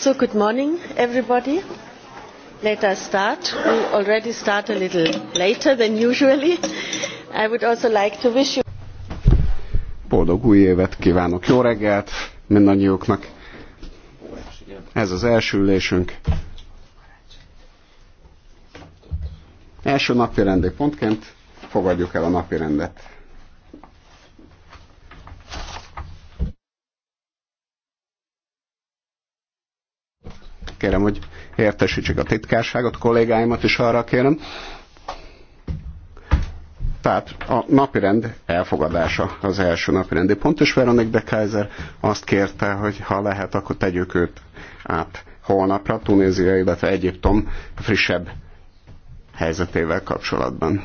So good morning, everybody. Let us start. We already start a little later than usually. I would also like to wish you... Boldog új évet kívánok, jó reggelt mindannyiuknak. Ez az első ülésünk. Első napi rendi pontként fogadjuk el a napi rendet. kérem, hogy értesítsük a titkárságot, kollégáimat is arra kérem. Tehát a napirend elfogadása az első napirendi pont, és Veronik de Kaiser azt kérte, hogy ha lehet, akkor tegyük őt át holnapra, Tunézia, illetve Egyiptom frissebb helyzetével kapcsolatban.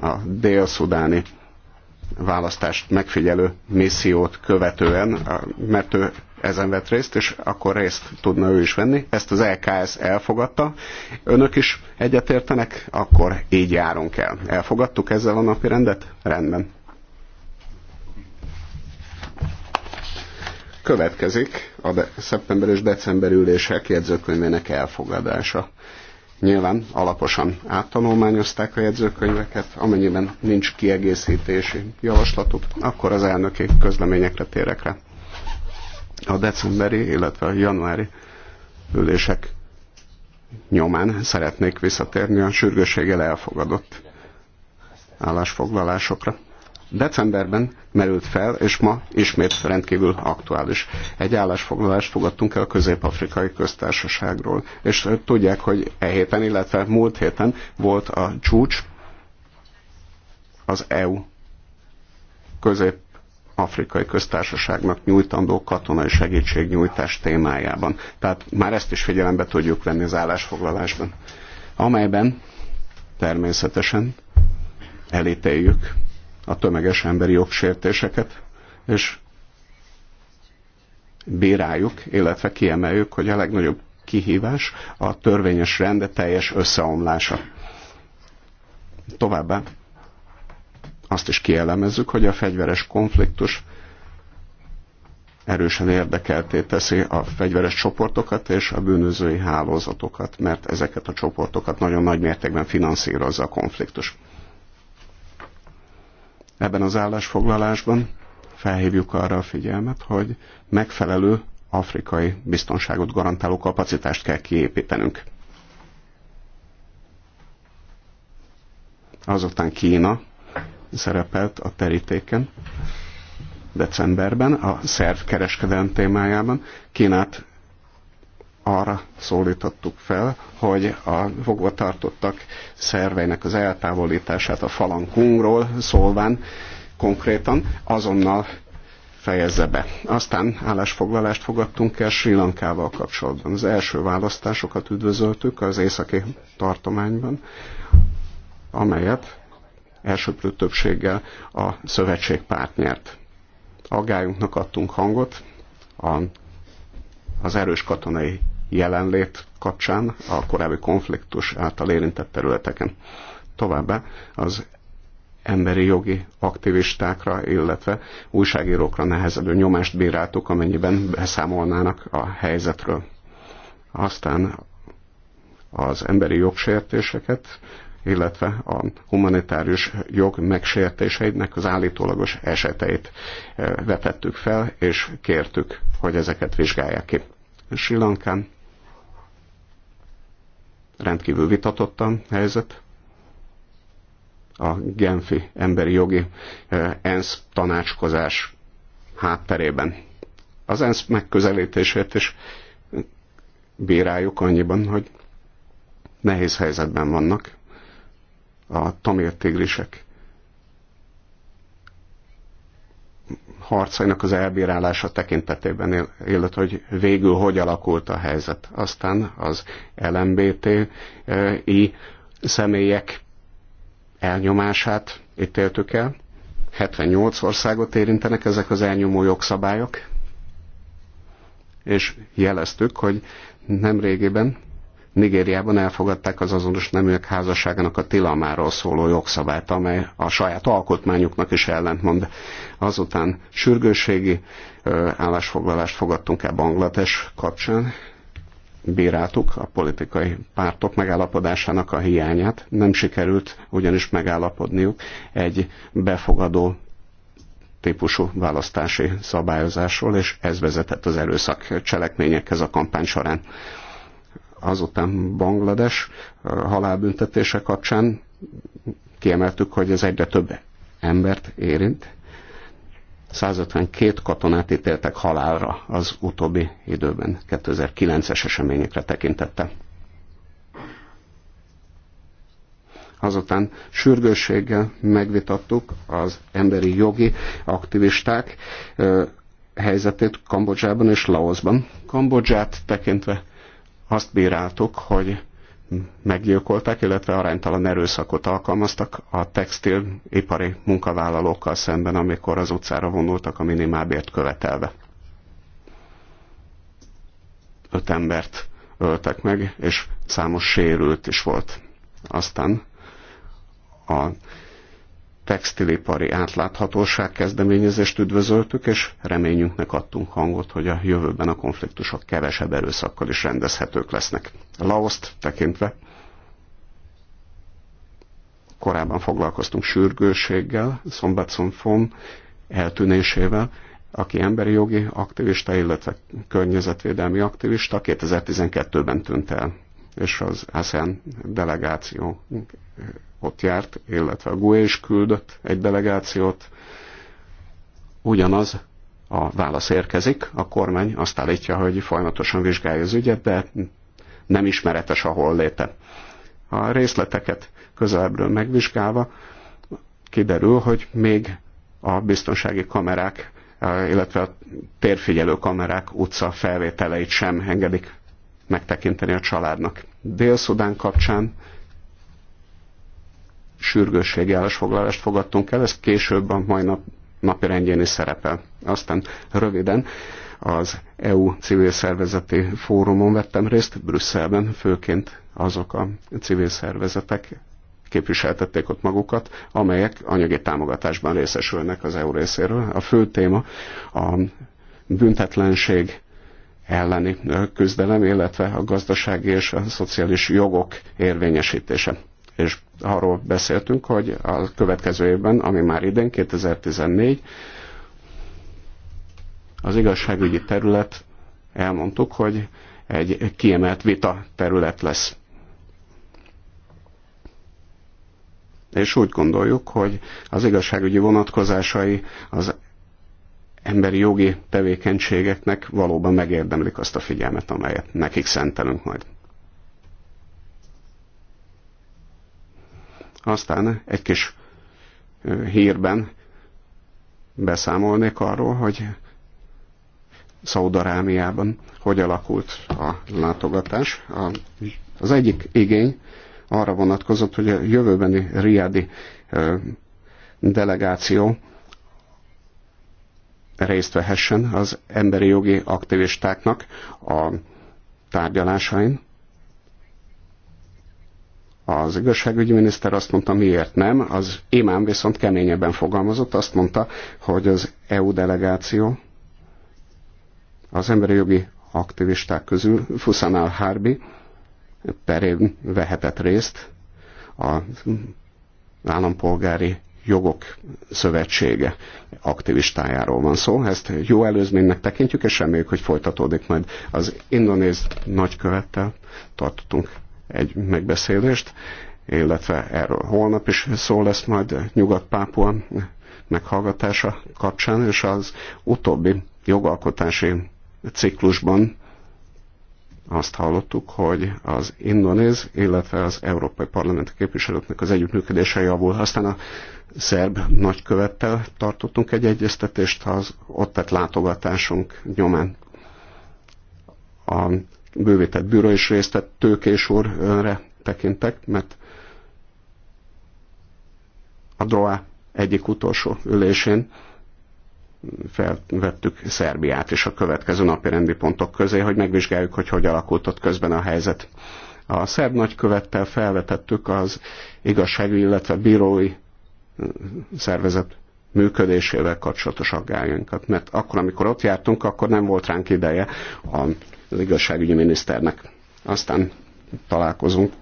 A dél-szudáni választást megfigyelő missziót követően, mert ő ezen vett részt, és akkor részt tudna ő is venni. Ezt az LKS elfogadta. Önök is egyetértenek, akkor így járunk el. Elfogadtuk ezzel a napi rendet? Rendben. Következik a de- szeptember és december ülések jegyzőkönyvének elfogadása. Nyilván alaposan áttanulmányozták a jegyzőkönyveket, amennyiben nincs kiegészítési javaslatuk, akkor az elnöki közleményekre térek rá a decemberi, illetve a januári ülések nyomán szeretnék visszatérni a sürgőséggel elfogadott állásfoglalásokra. Decemberben merült fel, és ma ismét rendkívül aktuális. Egy állásfoglalást fogadtunk el a Közép-Afrikai Köztársaságról, és tudják, hogy e héten, illetve múlt héten volt a csúcs az EU közép Afrikai Köztársaságnak nyújtandó katonai segítségnyújtás témájában. Tehát már ezt is figyelembe tudjuk venni az állásfoglalásban, amelyben természetesen elítéljük a tömeges emberi jogsértéseket, és bíráljuk, illetve kiemeljük, hogy a legnagyobb kihívás a törvényes rende teljes összeomlása. Továbbá azt is kielemezzük, hogy a fegyveres konfliktus erősen érdekelté teszi a fegyveres csoportokat és a bűnözői hálózatokat, mert ezeket a csoportokat nagyon nagy mértékben finanszírozza a konfliktus. Ebben az állásfoglalásban felhívjuk arra a figyelmet, hogy megfelelő afrikai biztonságot garantáló kapacitást kell kiépítenünk. Azután Kína szerepelt a terítéken decemberben a szerv kereskedelem témájában. Kínát arra szólítottuk fel, hogy a fogvatartottak szerveinek az eltávolítását a falankunkról szólván konkrétan azonnal fejezze be. Aztán állásfoglalást fogadtunk el Sri Lankával kapcsolatban. Az első választásokat üdvözöltük az északi tartományban, amelyet elsőprő többséggel a szövetség párt nyert. Aggályunknak adtunk hangot a, az erős katonai jelenlét kapcsán a korábbi konfliktus által érintett területeken. Továbbá az emberi jogi aktivistákra, illetve újságírókra nehezedő nyomást bíráltuk, amennyiben beszámolnának a helyzetről. Aztán az emberi jogsértéseket illetve a humanitárius jog megsértéseinek az állítólagos eseteit eh, vetettük fel, és kértük, hogy ezeket vizsgálják ki. Sri Lankán rendkívül vitatottan helyzet, a Genfi emberi jogi eh, ENSZ tanácskozás hátterében. Az ENSZ megközelítését is bíráljuk annyiban, hogy nehéz helyzetben vannak, a tamértiglisek harcainak az elbírálása tekintetében, illetve hogy végül hogy alakult a helyzet. Aztán az LMBTI eh, személyek elnyomását ítéltük el. 78 országot érintenek ezek az elnyomó jogszabályok, és jeleztük, hogy nem régében Nigériában elfogadták az azonos neműek házasságának a tilalmáról szóló jogszabályt, amely a saját alkotmányuknak is ellentmond. Azután sürgősségi állásfoglalást fogadtunk el Banglades kapcsán, bíráltuk a politikai pártok megállapodásának a hiányát. Nem sikerült ugyanis megállapodniuk egy befogadó típusú választási szabályozásról, és ez vezetett az erőszak cselekményekhez a kampány során. Azután Banglades halálbüntetése kapcsán kiemeltük, hogy ez egyre több embert érint. 152 katonát ítéltek halálra az utóbbi időben, 2009-es eseményekre tekintette. Azután sürgősséggel megvitattuk az emberi jogi aktivisták helyzetét Kambodzsában és Laosban. Kambodzsát tekintve azt bíráltuk, hogy meggyilkolták, illetve aránytalan erőszakot alkalmaztak a textilipari munkavállalókkal szemben, amikor az utcára vonultak a minimálbért követelve. Öt embert öltek meg, és számos sérült is volt. Aztán a textilipari átláthatóság kezdeményezést üdvözöltük, és reményünknek adtunk hangot, hogy a jövőben a konfliktusok kevesebb erőszakkal is rendezhetők lesznek. Laoszt tekintve korábban foglalkoztunk sürgőséggel, Szombatszonfon eltűnésével, aki emberi jogi aktivista, illetve környezetvédelmi aktivista, 2012-ben tűnt el és az ASEAN delegáció ott járt, illetve a GUE is küldött egy delegációt. Ugyanaz a válasz érkezik, a kormány azt állítja, hogy folyamatosan vizsgálja az ügyet, de nem ismeretes a holléte. A részleteket közelebbről megvizsgálva kiderül, hogy még a biztonsági kamerák, illetve a térfigyelő kamerák utca felvételeit sem engedik megtekinteni a családnak. Dél-Szudán kapcsán sürgősségi állásfoglalást fogadtunk el, ez később a mai nap napi rendjén is szerepel. Aztán röviden az EU civil szervezeti fórumon vettem részt, Brüsszelben főként azok a civil szervezetek képviseltették ott magukat, amelyek anyagi támogatásban részesülnek az EU részéről. A fő téma a büntetlenség elleni küzdelem, illetve a gazdasági és a szociális jogok érvényesítése. És arról beszéltünk, hogy a következő évben, ami már idén, 2014, az igazságügyi terület, elmondtuk, hogy egy kiemelt vita terület lesz. És úgy gondoljuk, hogy az igazságügyi vonatkozásai az emberi jogi tevékenységeknek valóban megérdemlik azt a figyelmet, amelyet nekik szentelünk majd. Aztán egy kis hírben beszámolnék arról, hogy Szaudarámiában hogy alakult a látogatás. Az egyik igény arra vonatkozott, hogy a jövőbeni riádi delegáció részt vehessen az emberi jogi aktivistáknak a tárgyalásain. Az igazságügyi miniszter azt mondta, miért nem, az imám viszont keményebben fogalmazott, azt mondta, hogy az EU delegáció az emberi jogi aktivisták közül Fusanál al-Harbi perén vehetett részt az állampolgári jogok szövetsége aktivistájáról van szó. Ezt jó előzménynek tekintjük, és reméljük, hogy folytatódik majd az indonéz nagykövettel. Tartottunk egy megbeszélést, illetve erről holnap is szó lesz majd Nyugat-Pápua meghallgatása kapcsán, és az utóbbi jogalkotási ciklusban azt hallottuk, hogy az indonéz, illetve az Európai Parlament képviselőknek az együttműködése javul. Aztán a szerb nagykövettel tartottunk egy egyeztetést az ott tett látogatásunk nyomán. A bővített bűrő is részt vett Tőkés úrre tekintek, mert a DROA egyik utolsó ülésén felvettük Szerbiát és a következő napi rendi pontok közé, hogy megvizsgáljuk, hogy hogy alakult ott közben a helyzet. A szerb nagykövettel felvetettük az igazságügyi, illetve bírói szervezet működésével kapcsolatos aggályunkat. Mert akkor, amikor ott jártunk, akkor nem volt ránk ideje az igazságügyi miniszternek. Aztán találkozunk,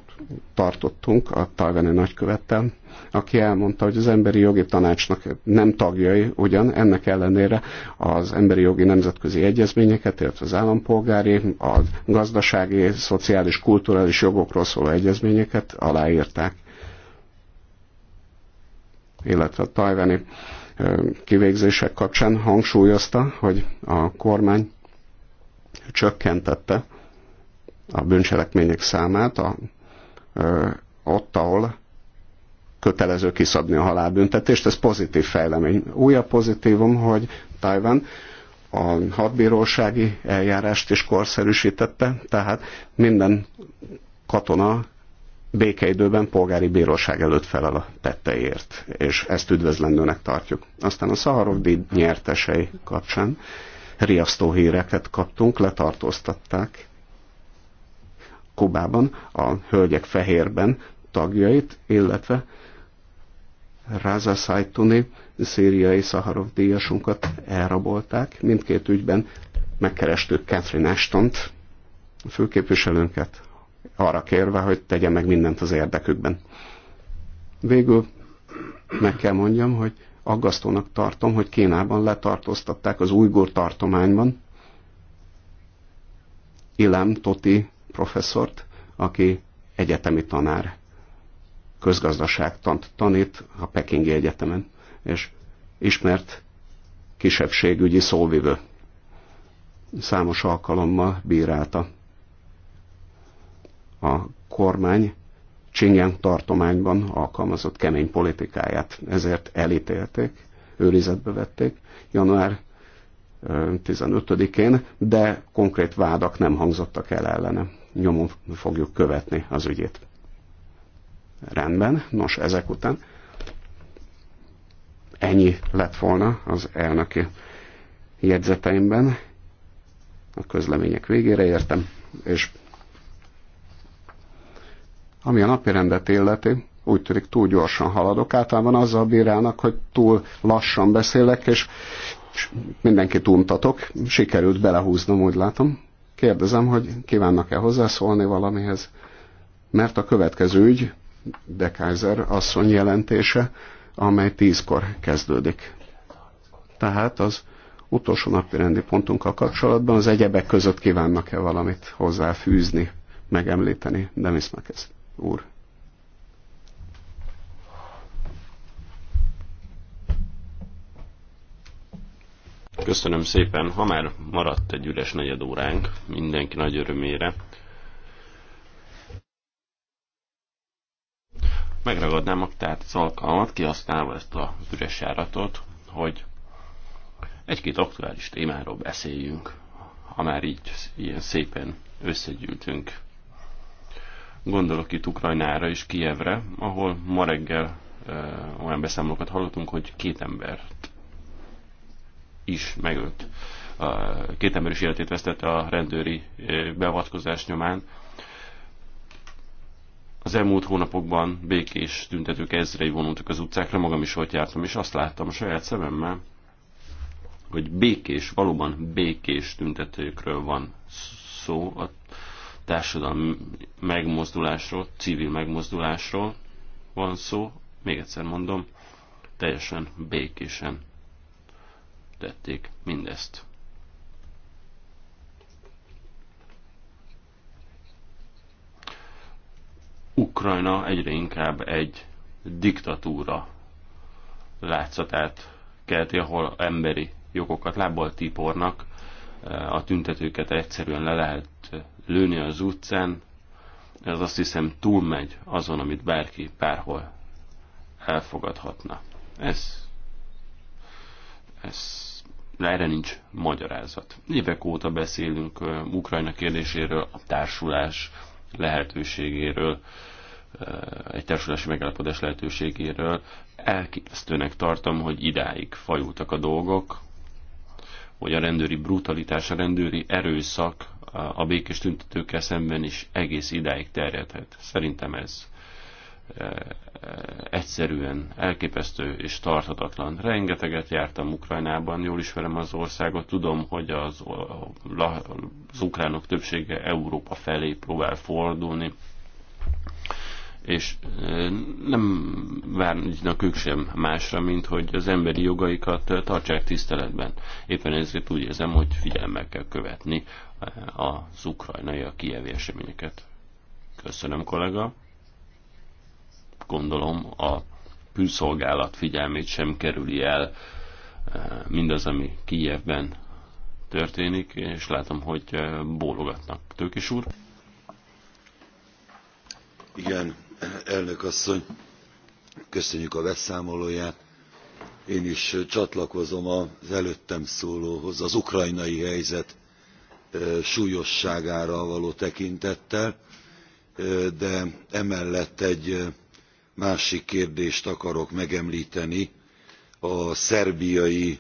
tartottunk a tajvani nagykövettel, aki elmondta, hogy az emberi jogi tanácsnak nem tagjai, ugyan ennek ellenére az emberi jogi nemzetközi egyezményeket, illetve az állampolgári, a gazdasági, szociális, kulturális jogokról szóló egyezményeket aláírták illetve a tajvani kivégzések kapcsán hangsúlyozta, hogy a kormány csökkentette a bűncselekmények számát a, ott, ahol kötelező kiszabni a halálbüntetést. Ez pozitív fejlemény. Újabb pozitívum, hogy Taiwan a hadbírósági eljárást is korszerűsítette, tehát minden katona békeidőben polgári bíróság előtt felel a tetteért, és ezt üdvözlendőnek tartjuk. Aztán a Szaharov díj nyertesei kapcsán riasztó híreket kaptunk, letartóztatták Kubában a hölgyek fehérben tagjait, illetve Raza Saituni, szíriai Szaharov díjasunkat elrabolták. Mindkét ügyben megkerestük Catherine Ashton-t, főképviselőnket, arra kérve, hogy tegye meg mindent az érdekükben. Végül meg kell mondjam, hogy aggasztónak tartom, hogy Kínában letartóztatták az újgur tartományban Ilem Toti professzort, aki egyetemi tanár, közgazdaságtant tanít a Pekingi Egyetemen, és ismert kisebbségügyi szóvivő. Számos alkalommal bírálta a kormány csingen tartományban alkalmazott kemény politikáját. Ezért elítélték, őrizetbe vették január 15-én, de konkrét vádak nem hangzottak el ellene. Nyomon fogjuk követni az ügyét. Rendben, nos ezek után ennyi lett volna az elnöki jegyzeteimben. A közlemények végére értem, és ami a napirendet illeti, úgy tűnik túl gyorsan haladok. Általában azzal bírálnak, hogy túl lassan beszélek, és mindenkit untatok. Sikerült belehúznom, úgy látom. Kérdezem, hogy kívánnak-e hozzászólni valamihez, mert a következő ügy, de Kaiser asszony jelentése, amely tízkor kezdődik. Tehát az utolsó napi rendi pontunkkal kapcsolatban az egyebek között kívánnak-e valamit hozzáfűzni, megemlíteni, de misznek ezt úr. Köszönöm szépen, ha már maradt egy üres negyed óránk, mindenki nagy örömére. Megragadnám tehát az alkalmat, kihasználva ezt a üres járatot, hogy egy-két aktuális témáról beszéljünk, ha már így ilyen szépen összegyűltünk Gondolok itt Ukrajnára és Kijevre, ahol ma reggel olyan beszámolókat hallottunk, hogy két embert is megölt. Két ember is életét vesztette a rendőri beavatkozás nyomán. Az elmúlt hónapokban békés tüntetők ezrei vonultak az utcákra, magam is ott jártam, és azt láttam a saját szememmel, hogy békés, valóban békés tüntetőkről van szó. A társadalmi megmozdulásról, civil megmozdulásról van szó, még egyszer mondom, teljesen békésen tették mindezt. Ukrajna egyre inkább egy diktatúra látszatát kelti, ahol emberi jogokat lábbal típornak a tüntetőket egyszerűen le lehet lőni az utcán. Ez azt hiszem túlmegy azon, amit bárki bárhol elfogadhatna. Ez, ez erre nincs magyarázat. Évek óta beszélünk Ukrajna kérdéséről, a társulás lehetőségéről, egy társulási megállapodás lehetőségéről. Elképesztőnek tartom, hogy idáig fajultak a dolgok, hogy a rendőri brutalitás, a rendőri erőszak a békés tüntetőkkel szemben is egész idáig terjedhet. Szerintem ez e, e, egyszerűen elképesztő és tarthatatlan. Rengeteget jártam Ukrajnában, jól ismerem az országot, tudom, hogy az, az ukránok többsége Európa felé próbál fordulni, és nem várnak ők sem másra, mint hogy az emberi jogaikat tartsák tiszteletben. Éppen ezért úgy érzem, hogy figyelemmel kell követni az ukrajnai, a kievi eseményeket. Köszönöm, kollega. Gondolom a külszolgálat figyelmét sem kerüli el mindaz, ami Kijevben történik, és látom, hogy bólogatnak. Tőkis úr? Igen, elnök asszony köszönjük a beszámolóját. én is csatlakozom az előttem szólóhoz az ukrajnai helyzet súlyosságára való tekintettel de emellett egy másik kérdést akarok megemlteni a szerbiai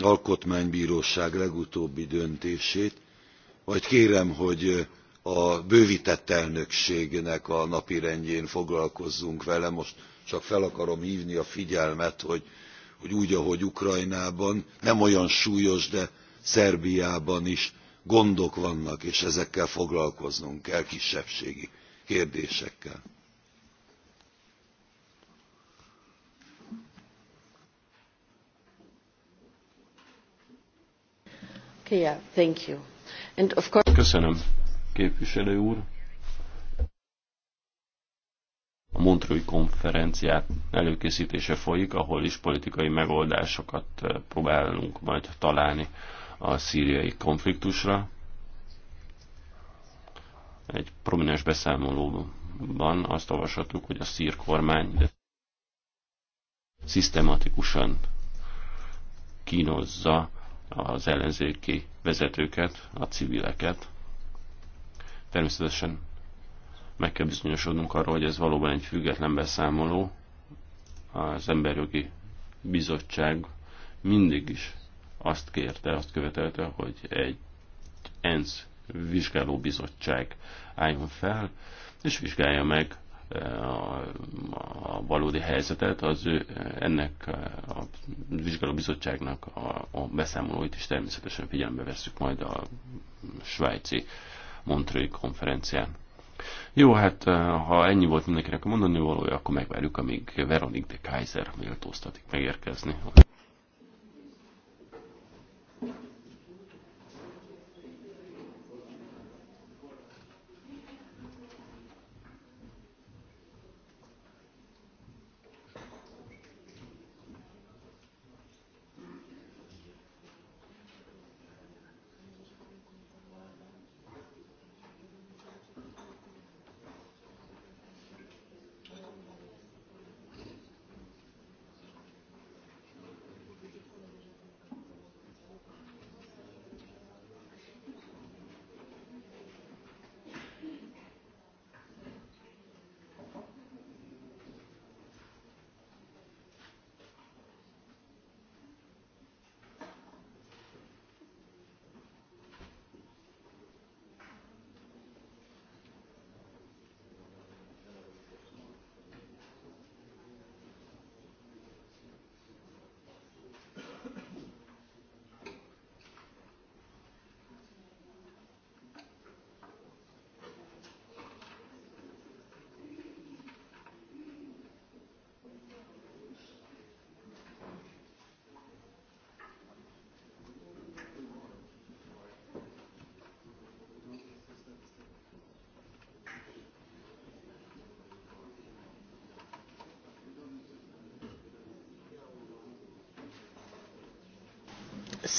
alkotmánybróság legutóbbi döntését majd kérem hogy a bővtett elnökségnek a napirendjén foglalkozzunk vele most csak fel akarom hvni a figyelmet hogy, úgy ahogy ukrajnában nem olyan súlyos de szerbiában is gondok vannak és ezekkel foglalkoznunk kell kisebbségi kérdésekkel. Köszönöm képviselő úr. A Montreux konferenciát előkészítése folyik, ahol is politikai megoldásokat eh, próbálunk majd találni a szíriai konfliktusra. Egy prominens beszámolóban azt olvashatjuk, hogy a szír kormány szisztematikusan kínozza az ellenzéki vezetőket, a civileket. Természetesen meg kell bizonyosodnunk arról, hogy ez valóban egy független beszámoló. Az Emberjogi Bizottság mindig is azt kérte, azt követelte, hogy egy ENSZ bizottság álljon fel, és vizsgálja meg eh, a, a valódi helyzetet, az ő, eh, ennek eh, a vizsgáló a, a beszámolóit is természetesen figyelembe veszük majd a svájci Montreux konferencián. Jó, hát eh, ha ennyi volt mindenkinek a mondani valója, akkor megvárjuk, amíg Veronique de Kaiser méltóztatik megérkezni.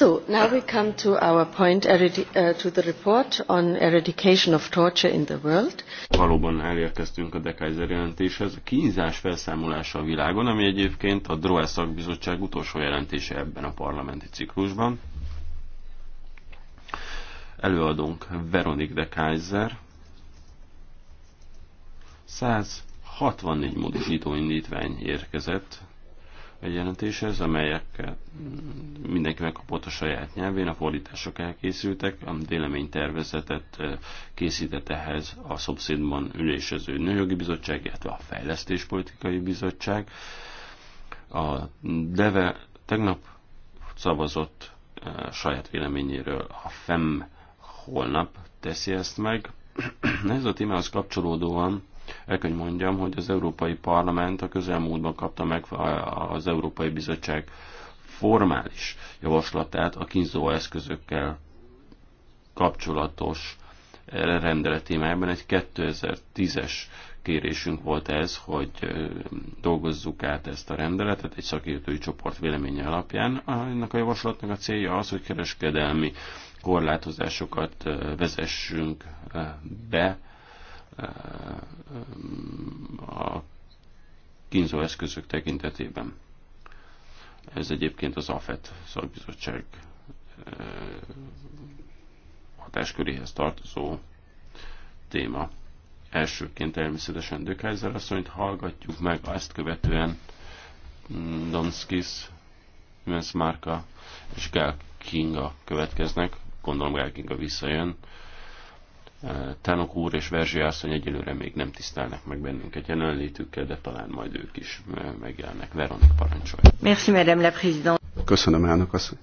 So now we come to our point, uh, to the report on eradication of torture in the world. Valóban elérkeztünk a Dekaiser jelentéshez, a kínzás felszámolása a világon, ami egyébként a DROE szakbizottság utolsó jelentése ebben a parlamenti ciklusban. Előadunk Veronik de Kaiser. 164 módosító indítvány érkezett egy jelentéshez, amelyek mindenki megkapott a saját nyelvén, a fordítások elkészültek, a véleménytervezetet készített ehhez a szomszédban ülésező Nőjogi Bizottság, illetve a Fejlesztéspolitikai Bizottság. A DEVE tegnap szavazott saját véleményéről a FEM holnap teszi ezt meg. Ez a témához kapcsolódóan el kell, hogy mondjam, hogy az Európai Parlament a közelmúltban kapta meg az Európai Bizottság formális javaslatát a kínzó eszközökkel kapcsolatos eh, rendelet Egy 2010-es kérésünk volt ez, hogy eh, dolgozzuk át ezt a rendeletet egy szakértői csoport véleménye alapján. Ennek a javaslatnak a célja az, hogy kereskedelmi korlátozásokat eh, vezessünk be a kínzó eszközök tekintetében. Ez egyébként az AFET szakbizottság eh, hatásköréhez tartozó téma. Elsőként természetesen De asszonyt hallgatjuk meg, ezt követően Donskis, Márka és Gál Kinga következnek. Gondolom Gál Kinga visszajön. Tánok úr és Verzsi asszony egyelőre még nem tisztelnek meg bennünket jelenlétükkel, de talán majd ők is eh, megjelennek. Veronik parancsolja. Merci, madame la présidente. Köszönöm, elnök asszony.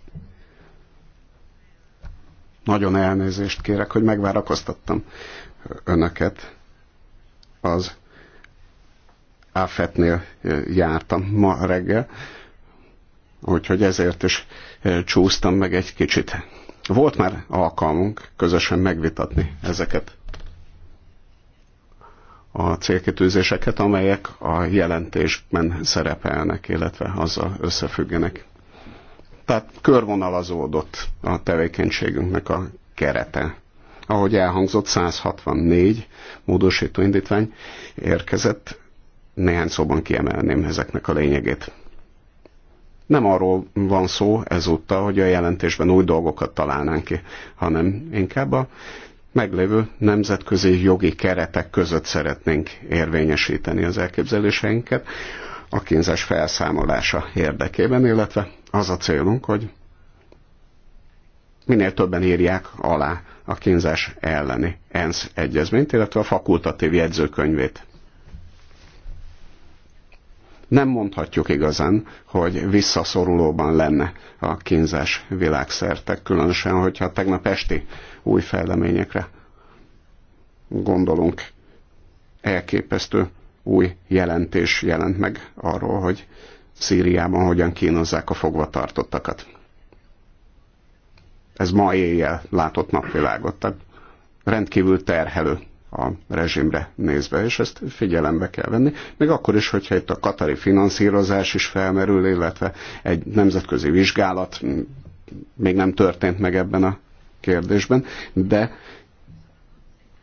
Nagyon elnézést kérek, hogy megvárakoztattam önöket. Az Áfetnél eh, jártam ma reggel, úgyhogy ezért is eh, csúsztam meg egy kicsit. Volt már alkalmunk közösen megvitatni ezeket a célkitűzéseket, amelyek a jelentésben szerepelnek, illetve azzal összefüggenek. Tehát körvonalazódott a tevékenységünknek a kerete. Ahogy elhangzott, 164 módosító indítvány érkezett, néhány szóban kiemelném ezeknek a lényegét. Nem arról van szó ezúttal, hogy a jelentésben új dolgokat találnánk ki, hanem inkább a meglévő nemzetközi jogi keretek között szeretnénk érvényesíteni az elképzeléseinket a kínzás felszámolása érdekében, illetve az a célunk, hogy minél többen írják alá a kínzás elleni ENSZ egyezményt, illetve a fakultatív jegyzőkönyvét nem mondhatjuk igazán, hogy visszaszorulóban lenne a kínzás világszerte, különösen, hogyha tegnap esti új fejleményekre gondolunk. Elképesztő új jelentés jelent meg arról, hogy Szíriában hogyan kínozzák a fogvatartottakat. Ez ma éjjel látott napvilágot, tehát rendkívül terhelő a rezsimre nézve, és ezt figyelembe kell venni, még akkor is, hogyha itt a katari finanszírozás is felmerül, illetve egy nemzetközi vizsgálat még nem történt meg ebben a kérdésben, de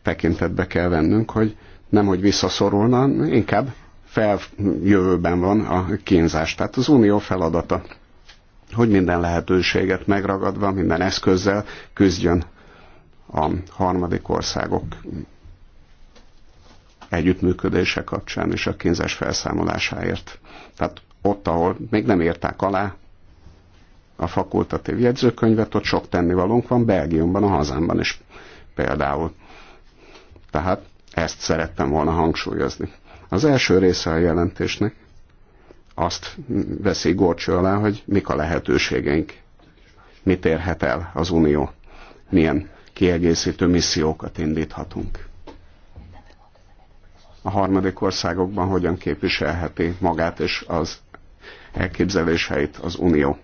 tekintetbe kell vennünk, hogy nem, hogy visszaszorulna, inkább feljövőben van a kínzás. Tehát az unió feladata, hogy minden lehetőséget megragadva, minden eszközzel küzdjön a harmadik országok együttműködése kapcsán és a kínzás felszámolásáért. Tehát ott, ahol még nem érták alá a fakultatív jegyzőkönyvet, ott sok tennivalónk van Belgiumban, a hazámban is például. Tehát ezt szerettem volna hangsúlyozni. Az első része a jelentésnek azt veszi gorcső alá, hogy mik a lehetőségeink, mit érhet el az Unió, milyen kiegészítő missziókat indíthatunk a harmadik országokban hogyan képviselheti magát és az elképzeléseit az Unió.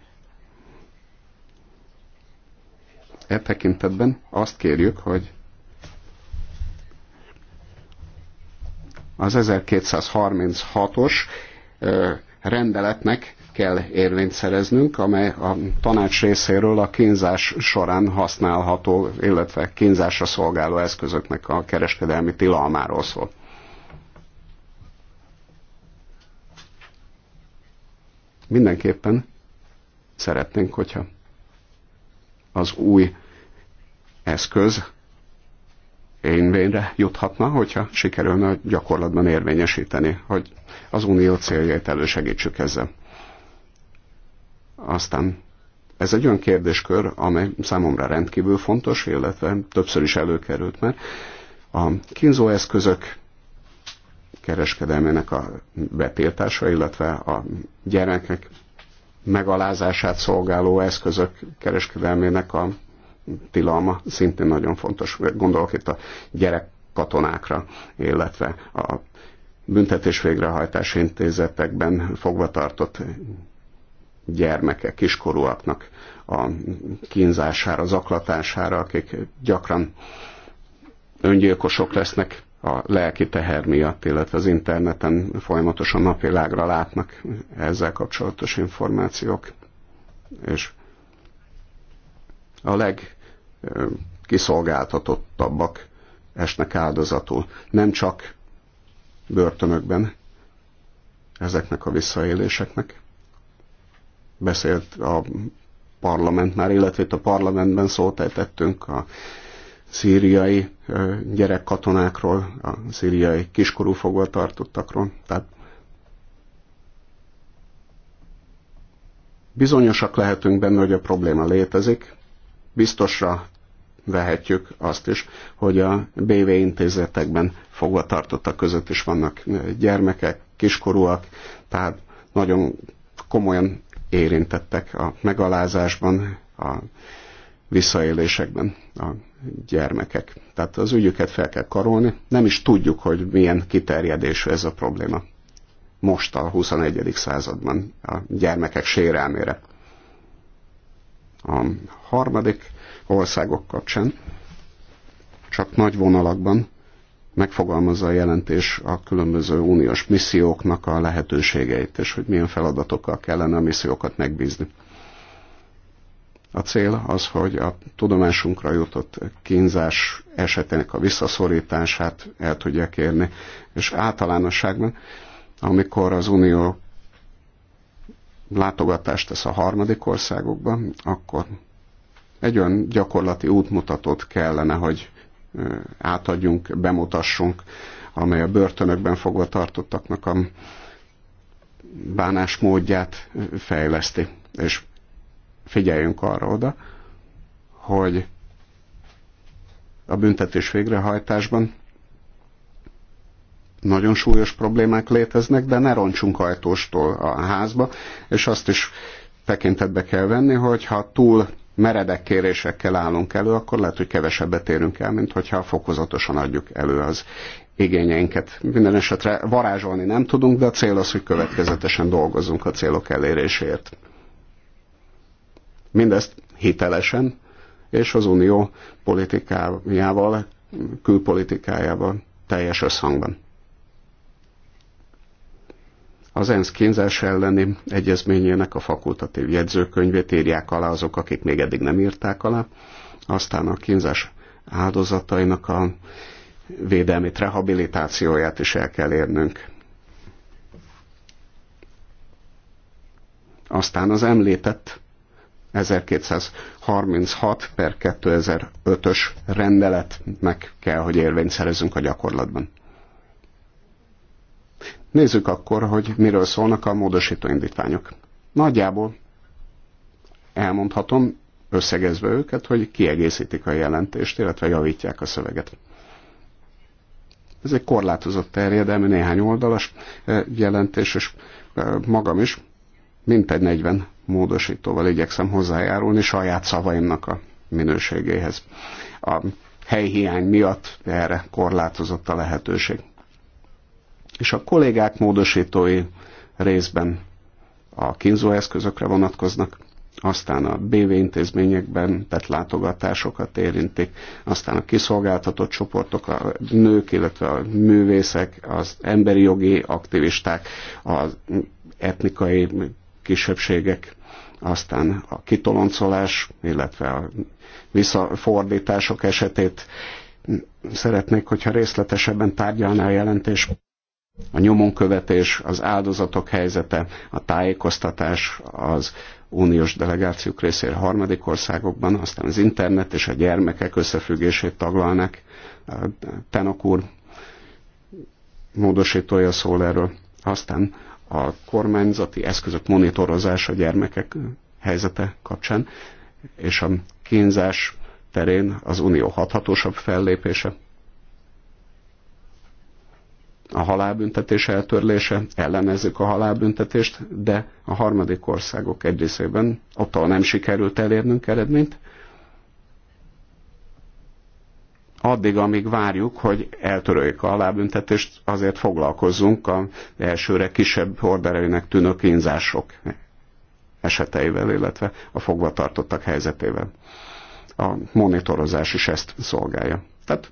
E tekintetben azt kérjük, hogy az 1236-os rendeletnek kell érvényt szereznünk, amely a tanács részéről a kínzás során használható, illetve kínzásra szolgáló eszközöknek a kereskedelmi tilalmáról szól. Mindenképpen szeretnénk, hogyha az új eszköz érvényre juthatna, hogyha sikerülne gyakorlatban érvényesíteni, hogy az unió céljait elősegítsük ezzel. Aztán ez egy olyan kérdéskör, amely számomra rendkívül fontos, illetve többször is előkerült mert A kínzó eszközök kereskedelmének a betiltása, illetve a gyermekek megalázását szolgáló eszközök kereskedelmének a tilalma szintén nagyon fontos. Gondolok itt a gyerek katonákra, illetve a büntetés végrehajtási intézetekben fogvatartott gyermekek, kiskorúaknak a kínzására, zaklatására, akik gyakran öngyilkosok lesznek, a lelki teher miatt, illetve az interneten folyamatosan napvilágra látnak ezzel kapcsolatos információk. És a legkiszolgáltatottabbak esnek áldozatul. Nem csak börtönökben ezeknek a visszaéléseknek. Beszélt a parlament már, illetve itt a parlamentben szót ejtettünk a szíriai gyerekkatonákról, a szíriai kiskorú fogvatartottakról. Tehát bizonyosak lehetünk benne, hogy a probléma létezik, biztosra vehetjük azt is, hogy a BV intézetekben fogvatartottak között is vannak gyermekek, kiskorúak, tehát nagyon komolyan érintettek a megalázásban, a visszaélésekben a gyermekek. Tehát az ügyüket fel kell karolni. Nem is tudjuk, hogy milyen kiterjedésű ez a probléma. Most a 21. században a gyermekek sérelmére. A harmadik országok kapcsán csak nagy vonalakban megfogalmazza a jelentés a különböző uniós misszióknak a lehetőségeit, és hogy milyen feladatokkal kellene a missziókat megbízni. A cél az, hogy a tudomásunkra jutott kínzás esetének a visszaszorítását el tudják érni, és általánosságban, amikor az Unió látogatást tesz a harmadik országokba, akkor egy olyan gyakorlati útmutatót kellene, hogy átadjunk, bemutassunk, amely a börtönökben fogva tartottaknak a bánásmódját fejleszti. És figyeljünk arra oda, hogy a büntetés végrehajtásban nagyon súlyos problémák léteznek, de ne roncsunk ajtóstól a házba, és azt is tekintetbe kell venni, hogy ha túl meredek kérésekkel állunk elő, akkor lehet, hogy kevesebbet érünk el, mint hogyha fokozatosan adjuk elő az igényeinket. Minden esetre varázsolni nem tudunk, de a cél az, hogy következetesen dolgozunk a célok eléréséért. Mindezt hitelesen és az unió politikájával, külpolitikájával teljes összhangban. Az ENSZ kínzás elleni egyezményének a fakultatív jegyzőkönyvét írják alá azok, akik még eddig nem írták alá, aztán a kínzás áldozatainak a védelmi rehabilitációját is el kell érnünk. Aztán az említett 1236 per 2005-ös meg kell, hogy érvényt szerezünk a gyakorlatban. Nézzük akkor, hogy miről szólnak a módosító indítványok. Nagyjából elmondhatom, összegezve őket, hogy kiegészítik a jelentést, illetve javítják a szöveget. Ez egy korlátozott terjedelmi, néhány oldalas eh, jelentés, és eh, magam is mintegy 40 módosítóval igyekszem hozzájárulni saját szavaimnak a minőségéhez. A helyhiány miatt erre korlátozott a lehetőség. És a kollégák módosítói részben a kínzóeszközökre vonatkoznak, aztán a BV intézményekben tett látogatásokat érintik, aztán a kiszolgáltatott csoportok, a nők, illetve a művészek, az emberi jogi aktivisták, az etnikai kisebbségek, aztán a kitoloncolás, illetve a visszafordítások esetét szeretnék, hogyha részletesebben tárgyalná a jelentés. A nyomonkövetés, az áldozatok helyzete, a tájékoztatás, az uniós delegációk részére harmadik országokban, aztán az internet és a gyermekek összefüggését taglalnak. Tenok úr módosítója szól erről. Aztán a kormányzati eszközök monitorozása a gyermekek helyzete kapcsán, és a kínzás terén az unió hathatósabb fellépése, a halálbüntetés eltörlése, ellenezzük a halálbüntetést, de a harmadik országok egy részében, ott, ahol nem sikerült elérnünk eredményt, addig, amíg várjuk, hogy eltöröljék a halálbüntetést, azért foglalkozzunk a elsőre kisebb horderejének tűnő kínzások eseteivel, illetve a fogvatartottak helyzetével. A monitorozás is ezt szolgálja. Tehát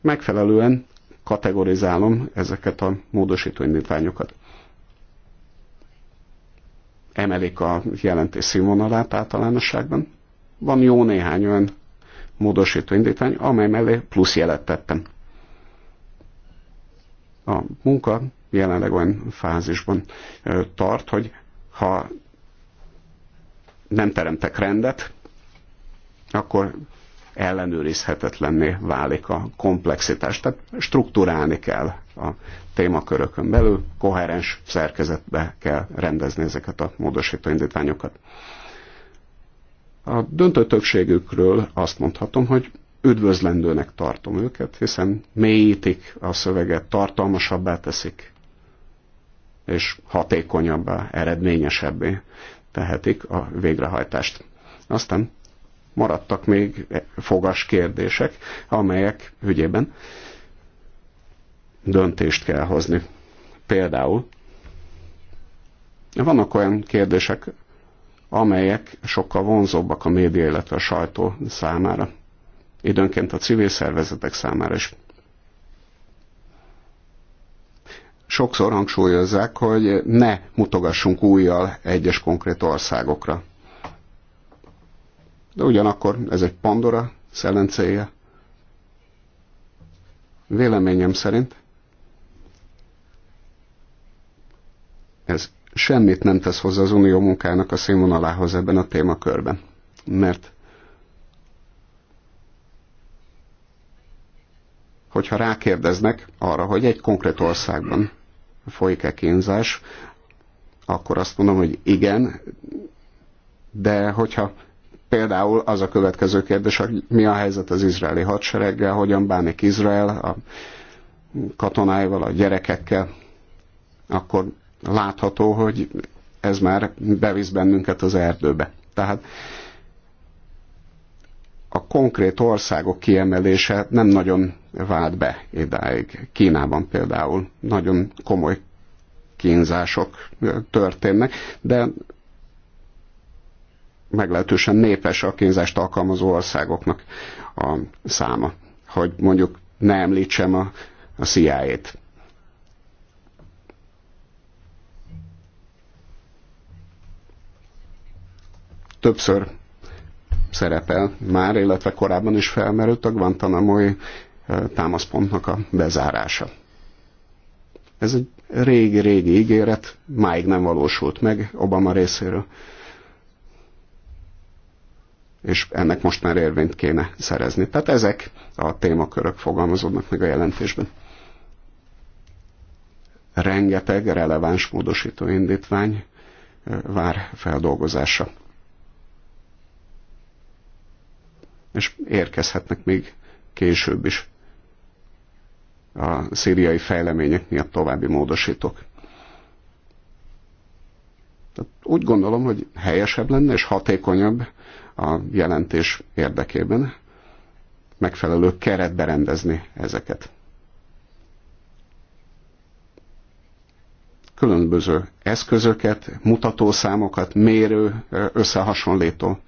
megfelelően kategorizálom ezeket a módosító indítványokat. Emelik a jelentés színvonalát általánosságban. Van jó néhány olyan módosító indítvány, amely mellé plusz jelet tettem. A munka jelenleg olyan fázisban tart, hogy ha nem teremtek rendet, akkor ellenőrizhetetlenné válik a komplexitás. Tehát struktúrálni kell a témakörökön belül, koherens szerkezetbe kell rendezni ezeket a módosító indítványokat. A döntő többségükről azt mondhatom, hogy üdvözlendőnek tartom őket, hiszen mélyítik a szöveget, tartalmasabbá teszik, és hatékonyabbá, eredményesebbé tehetik a végrehajtást. Aztán maradtak még fogas kérdések, amelyek ügyében döntést kell hozni. Például vannak olyan kérdések, amelyek sokkal vonzóbbak a média, illetve a sajtó számára. Időnként a civil szervezetek számára is. Sokszor hangsúlyozzák, hogy ne mutogassunk újjal egyes konkrét országokra. De ugyanakkor ez egy Pandora szelencéje. Véleményem szerint ez semmit nem tesz hozzá az unió munkának a színvonalához ebben a témakörben. Mert hogyha rákérdeznek arra, hogy egy konkrét országban folyik-e kínzás, akkor azt mondom, hogy igen, de hogyha például az a következő kérdés, hogy mi a helyzet az izraeli hadsereggel, hogyan bánik Izrael a katonáival, a gyerekekkel, akkor látható, hogy ez már bevisz bennünket az erdőbe. Tehát a konkrét országok kiemelése nem nagyon vált be idáig. Kínában például nagyon komoly kínzások történnek, de meglehetősen népes a kínzást alkalmazó országoknak a száma. Hogy mondjuk ne említsem a, a CIA-t. többször szerepel már, illetve korábban is felmerült a Guantanamo-i támaszpontnak a bezárása. Ez egy régi-régi ígéret, máig nem valósult meg Obama részéről. És ennek most már érvényt kéne szerezni. Tehát ezek a témakörök fogalmazódnak meg a jelentésben. Rengeteg releváns módosító indítvány vár feldolgozásra és érkezhetnek még később is a szíriai fejlemények miatt további módosítók. Tehát úgy gondolom, hogy helyesebb lenne és hatékonyabb a jelentés érdekében megfelelő keretbe rendezni ezeket. Különböző eszközöket, mutatószámokat, mérő, összehasonlító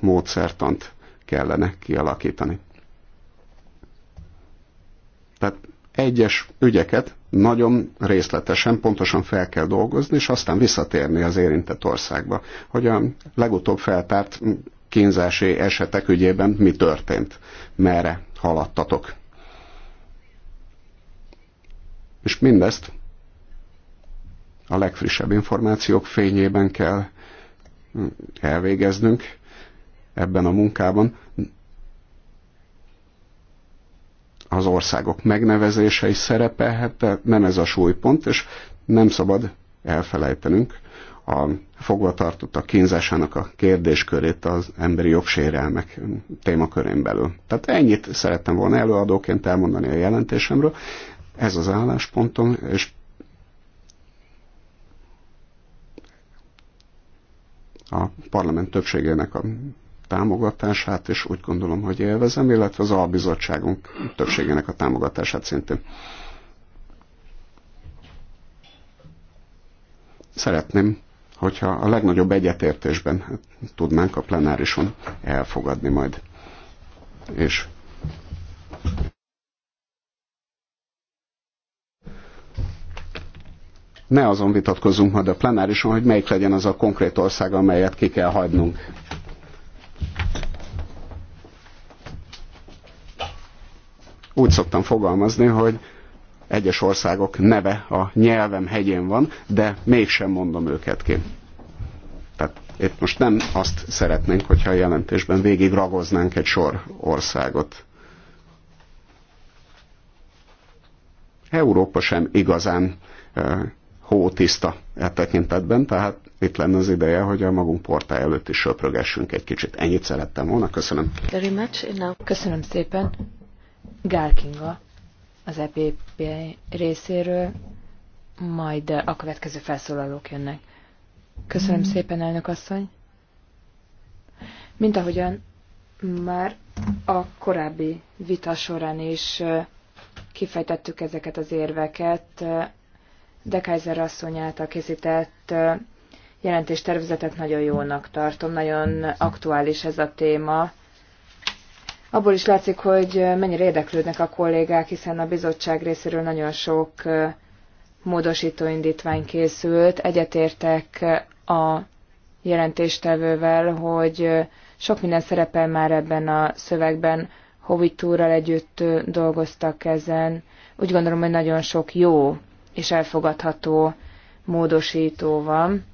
módszertant kellene kialakítani. Tehát egyes ügyeket nagyon részletesen, pontosan fel kell dolgozni, és aztán visszatérni az érintett országba, hogy a legutóbb feltárt kínzási esetek ügyében mi történt, merre haladtatok. És mindezt a legfrissebb információk fényében kell elvégeznünk, ebben a munkában az országok megnevezése is szerepelhet, de nem ez a súlypont, és nem szabad elfelejtenünk a fogvatartottak kínzásának a kérdéskörét az emberi jogsérelmek témakörén belül. Tehát ennyit szerettem volna előadóként elmondani a jelentésemről. Ez az álláspontom, és a parlament többségének a támogatását, és úgy gondolom, hogy élvezem, illetve az albizottságunk többségének a támogatását szintén. Szeretném, hogyha a legnagyobb egyetértésben tudnánk a plenárison elfogadni majd. És ne azon vitatkozunk majd a plenárison, hogy melyik legyen az a konkrét ország, amelyet ki kell hagynunk. Úgy szoktam fogalmazni, hogy egyes országok neve a nyelvem hegyén van, de mégsem mondom őket ki. Tehát itt most nem azt szeretnénk, hogyha a jelentésben végig ragoznánk egy sor országot. Európa sem igazán e, hótiszta e tekintetben, tehát itt lenne az ideje, hogy a magunk portá előtt is söprögessünk egy kicsit. Ennyit szerettem volna, köszönöm. Köszönöm szépen. Gálkinga az EPP részéről, majd a következő felszólalók jönnek. Köszönöm mhm. szépen, elnök asszony! Mint ahogyan már a korábbi vita során is kifejtettük ezeket az érveket, de Kaiser asszony által készített jelentéstervezetet nagyon jónak tartom, nagyon aktuális ez a téma, Abból is látszik, hogy mennyire érdeklődnek a kollégák, hiszen a bizottság részéről nagyon sok módosító indítvány készült. Egyetértek a jelentéstevővel, hogy sok minden szerepel már ebben a szövegben, Hovitúrral együtt dolgoztak ezen. Úgy gondolom, hogy nagyon sok jó és elfogadható módosító van.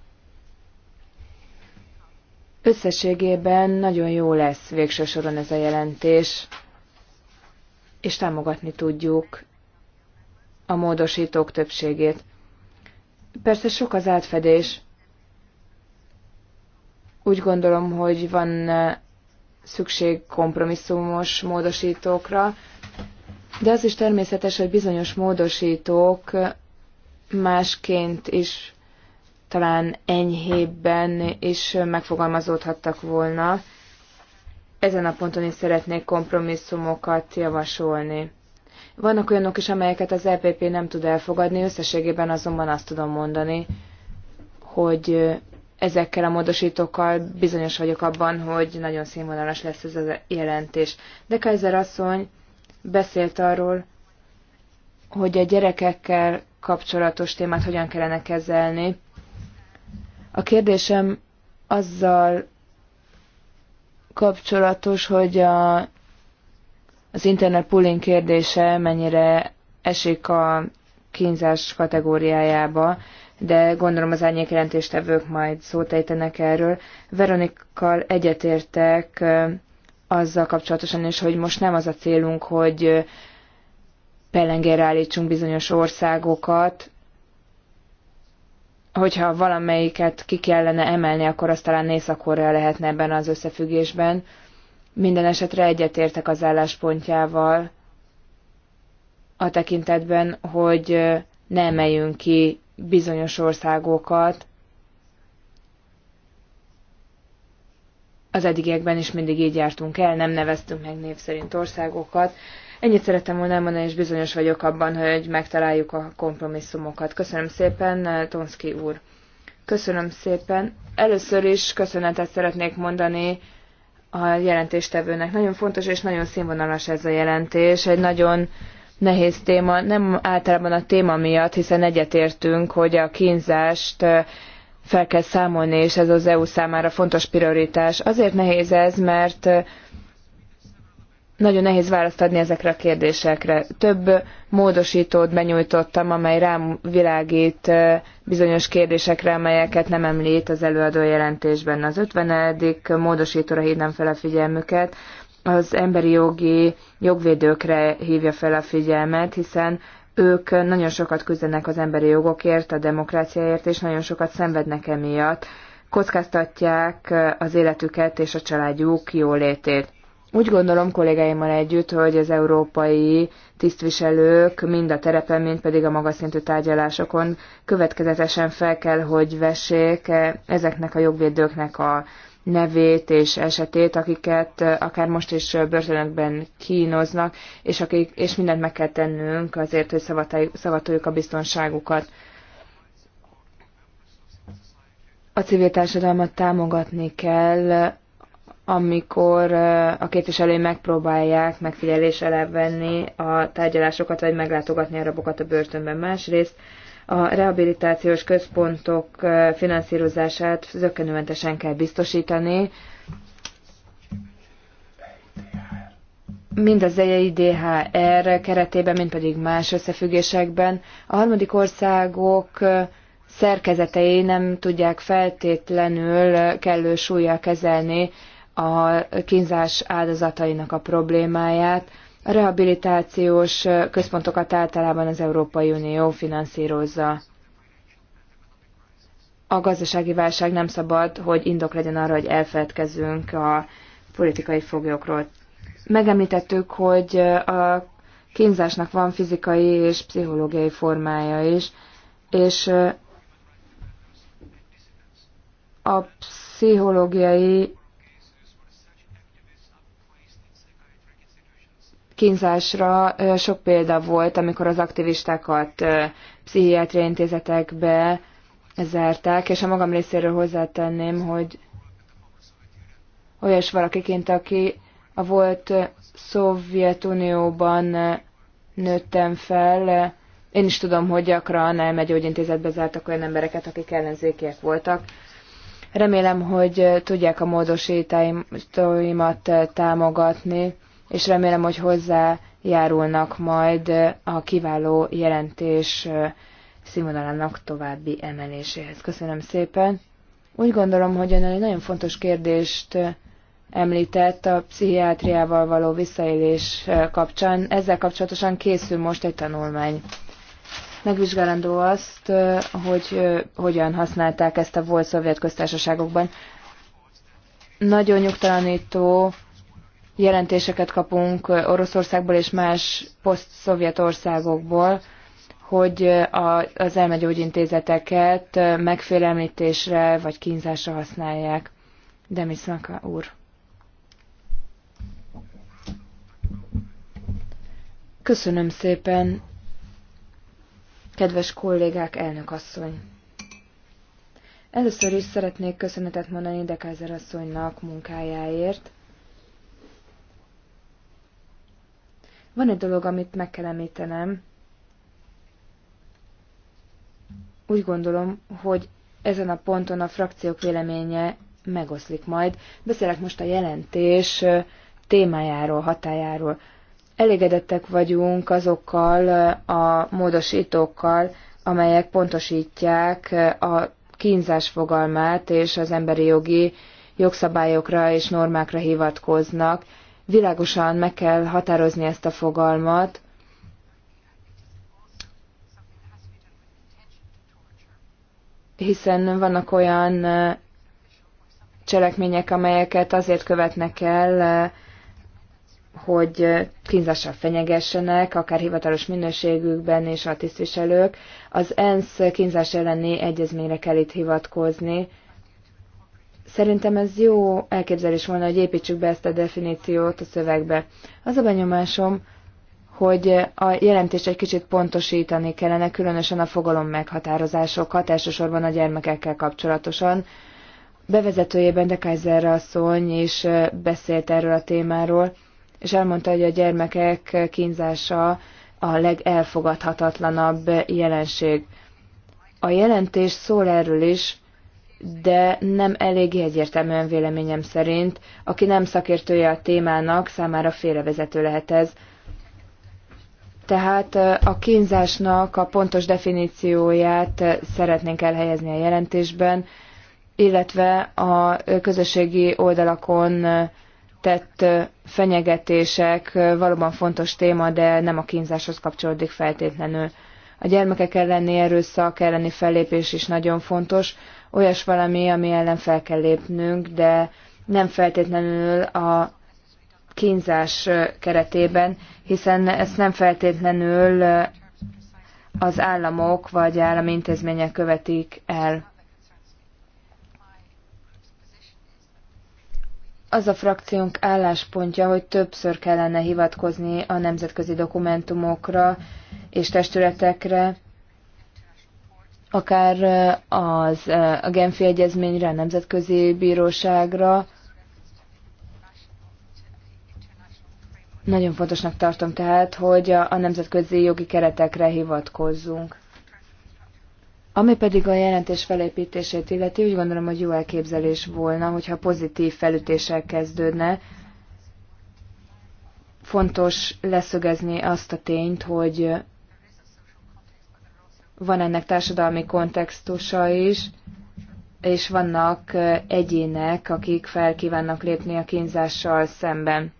Összességében nagyon jó lesz végső soron ez a jelentés, és támogatni tudjuk a módosítók többségét. Persze sok az átfedés. Úgy gondolom, hogy van eh, szükség kompromisszumos módosítókra, de az is természetes, hogy bizonyos módosítók eh, másként is talán enyhébben is megfogalmazódhattak volna. Ezen a ponton is szeretnék kompromisszumokat javasolni. Vannak olyanok is, amelyeket az EPP nem tud elfogadni, összességében azonban azt tudom mondani, hogy ezekkel a módosítókkal bizonyos vagyok abban, hogy nagyon színvonalas lesz ez a jelentés. De Kaiser asszony beszélt arról, hogy a gyerekekkel kapcsolatos témát hogyan kellene kezelni, a kérdésem azzal kapcsolatos, hogy a, az internet pooling kérdése mennyire esik a kínzás kategóriájába, de gondolom az árnyék jelentéstevők majd szót ejtenek erről. Veronikkal egyetértek azzal kapcsolatosan is, hogy most nem az a célunk, hogy pelengére állítsunk bizonyos országokat, hogyha valamelyiket ki kellene emelni, akkor azt talán észak lehetne ebben az összefüggésben. Minden esetre egyetértek az álláspontjával a tekintetben, hogy ne emeljünk ki bizonyos országokat. Az eddigiekben is mindig így jártunk el, nem neveztünk meg név szerint országokat, Ennyit szerettem volna elmondani, és bizonyos vagyok abban, hogy megtaláljuk a kompromisszumokat. Köszönöm szépen, Tonszki úr. Köszönöm szépen. Először is köszönetet szeretnék mondani a jelentéstevőnek. Nagyon fontos és nagyon színvonalas ez a jelentés. Egy nagyon nehéz téma, nem általában a téma miatt, hiszen egyetértünk, hogy a kínzást eh, fel kell számolni, és ez az EU számára fontos prioritás. Azért nehéz ez, mert eh, nagyon nehéz választ adni ezekre a kérdésekre. Több módosítót benyújtottam, amely rám világít bizonyos kérdésekre, amelyeket nem említ az előadó jelentésben. Az 50. módosítóra hívnám fel a figyelmüket, az emberi jogi jogvédőkre hívja fel a figyelmet, hiszen ők nagyon sokat küzdenek az emberi jogokért, a demokráciáért, és nagyon sokat szenvednek emiatt. Kockáztatják az életüket és a családjuk jólétét úgy gondolom kollégáimmal együtt, hogy az európai tisztviselők mind a terepen, mind pedig a magas szintű tárgyalásokon következetesen fel kell, hogy vessék e, ezeknek a jogvédőknek a nevét és esetét, akiket akár most is börtönökben kínoznak, és, akik, és mindent meg kell tennünk azért, hogy szavatoljuk a biztonságukat. A civil társadalmat támogatni kell, amikor a képviselői megpróbálják megfigyelés venni a tárgyalásokat, vagy meglátogatni a rabokat a börtönben. Másrészt a rehabilitációs központok finanszírozását zökkenőmentesen kell biztosítani. Mind az EIDHR keretében, mind pedig más összefüggésekben. A harmadik országok szerkezetei nem tudják feltétlenül kellő súlya kezelni a kínzás áldozatainak a problémáját. A rehabilitációs központokat általában az Európai Unió finanszírozza. A gazdasági válság nem szabad, hogy indok legyen arra, hogy elfeledkezzünk a politikai foglyokról. Megemlítettük, hogy a kínzásnak van fizikai és pszichológiai formája is, és a pszichológiai kínzásra sok példa volt, amikor az aktivistákat pszichiátriai intézetekbe zárták, és a magam részéről hozzátenném, hogy olyas valakiként, aki a volt Szovjetunióban nőttem fel, én is tudom, hogy gyakran elmegyógyintézetbe zártak olyan embereket, akik ellenzékiek voltak. Remélem, hogy tudják a módosítáimat támogatni és remélem, hogy hozzájárulnak majd a kiváló jelentés színvonalának további emeléséhez. Köszönöm szépen. Úgy gondolom, hogy ön egy nagyon fontos kérdést említett a pszichiátriával való visszaélés kapcsán. Ezzel kapcsolatosan készül most egy tanulmány. Megvizsgálandó azt, hogy hogyan használták ezt a volt szovjet köztársaságokban. Nagyon nyugtalanító jelentéseket kapunk Oroszországból és más poszt-szovjet országokból, hogy a, az elmegyógyintézeteket megfélemlítésre vagy kínzásra használják. Demis Maka úr. Köszönöm szépen, kedves kollégák, elnök asszony. Először is szeretnék köszönetet mondani Dekázer asszonynak munkájáért. Van egy dolog, amit meg kell említenem. Úgy gondolom, hogy ezen a ponton a frakciók véleménye megoszlik majd. Beszélek most a jelentés témájáról, hatájáról. Elégedettek vagyunk azokkal a módosítókkal, amelyek pontosítják a kínzás fogalmát és az emberi jogi jogszabályokra és normákra hivatkoznak, világosan meg kell határozni ezt a fogalmat, hiszen vannak olyan cselekmények, amelyeket azért követnek el, hogy kínzással fenyegessenek, akár hivatalos minőségükben és a tisztviselők. Az ENSZ kínzás elleni egyezményre kell itt hivatkozni, Szerintem ez jó elképzelés volna, hogy építsük be ezt a definíciót a szövegbe. Az a benyomásom, hogy a jelentést egy kicsit pontosítani kellene, különösen a fogalom meghatározásokat, elsősorban a gyermekekkel kapcsolatosan. Bevezetőjében de Kaiser asszony is beszélt erről a témáról, és elmondta, hogy a gyermekek kínzása a legelfogadhatatlanabb jelenség. A jelentés szól erről is, de nem eléggé egyértelműen véleményem szerint. Aki nem szakértője a témának, számára félrevezető lehet ez. Tehát a kínzásnak a pontos definícióját szeretnénk elhelyezni a jelentésben, illetve a közösségi oldalakon tett fenyegetések valóban fontos téma, de nem a kínzáshoz kapcsolódik feltétlenül. A gyermekek elleni erőszak elleni fellépés is nagyon fontos olyas valami, ami ellen fel kell lépnünk, de nem feltétlenül a kínzás keretében, hiszen ezt nem feltétlenül az államok vagy állami intézmények követik el. Az a frakciónk álláspontja, hogy többször kellene hivatkozni a nemzetközi dokumentumokra és testületekre, akár az, a Genfi Egyezményre, a Nemzetközi Bíróságra. Nagyon fontosnak tartom tehát, hogy a, a nemzetközi jogi keretekre hivatkozzunk. Ami pedig a jelentés felépítését illeti, úgy gondolom, hogy jó elképzelés volna, hogyha pozitív felütéssel kezdődne. Fontos leszögezni azt a tényt, hogy van ennek társadalmi kontextusa is, és vannak egyének, akik kívánnak lépni a kínzással szemben.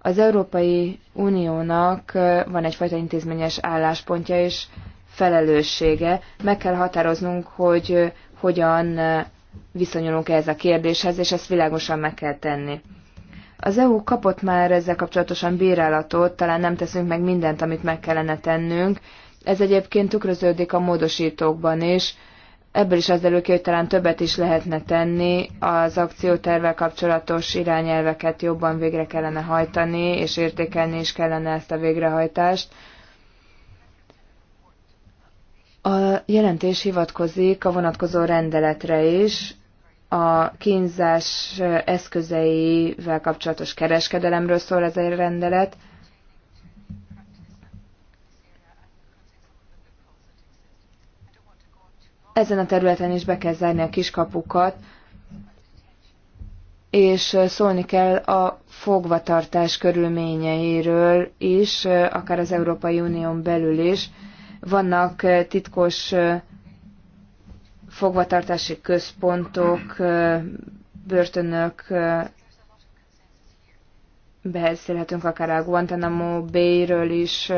Az Európai Uniónak van egyfajta intézményes álláspontja és felelőssége. Meg kell határoznunk, hogy hogyan viszonyulunk ehhez a kérdéshez, és ezt világosan meg kell tenni. Az EU kapott már ezzel kapcsolatosan bírálatot, talán nem teszünk meg mindent, amit meg kellene tennünk, ez egyébként tükröződik a módosítókban is. Ebből is az elő hogy talán többet is lehetne tenni, az akciótervel kapcsolatos irányelveket jobban végre kellene hajtani, és értékelni is kellene ezt a végrehajtást. A jelentés hivatkozik a vonatkozó rendeletre is, a kínzás eszközeivel kapcsolatos kereskedelemről szól ez a rendelet, ezen a területen is be kell zárni a kiskapukat, és szólni kell a fogvatartás körülményeiről is, akár az Európai Unión belül is. Vannak titkos fogvatartási központok, börtönök, beszélhetünk akár a Guantanamo Bay-ről is,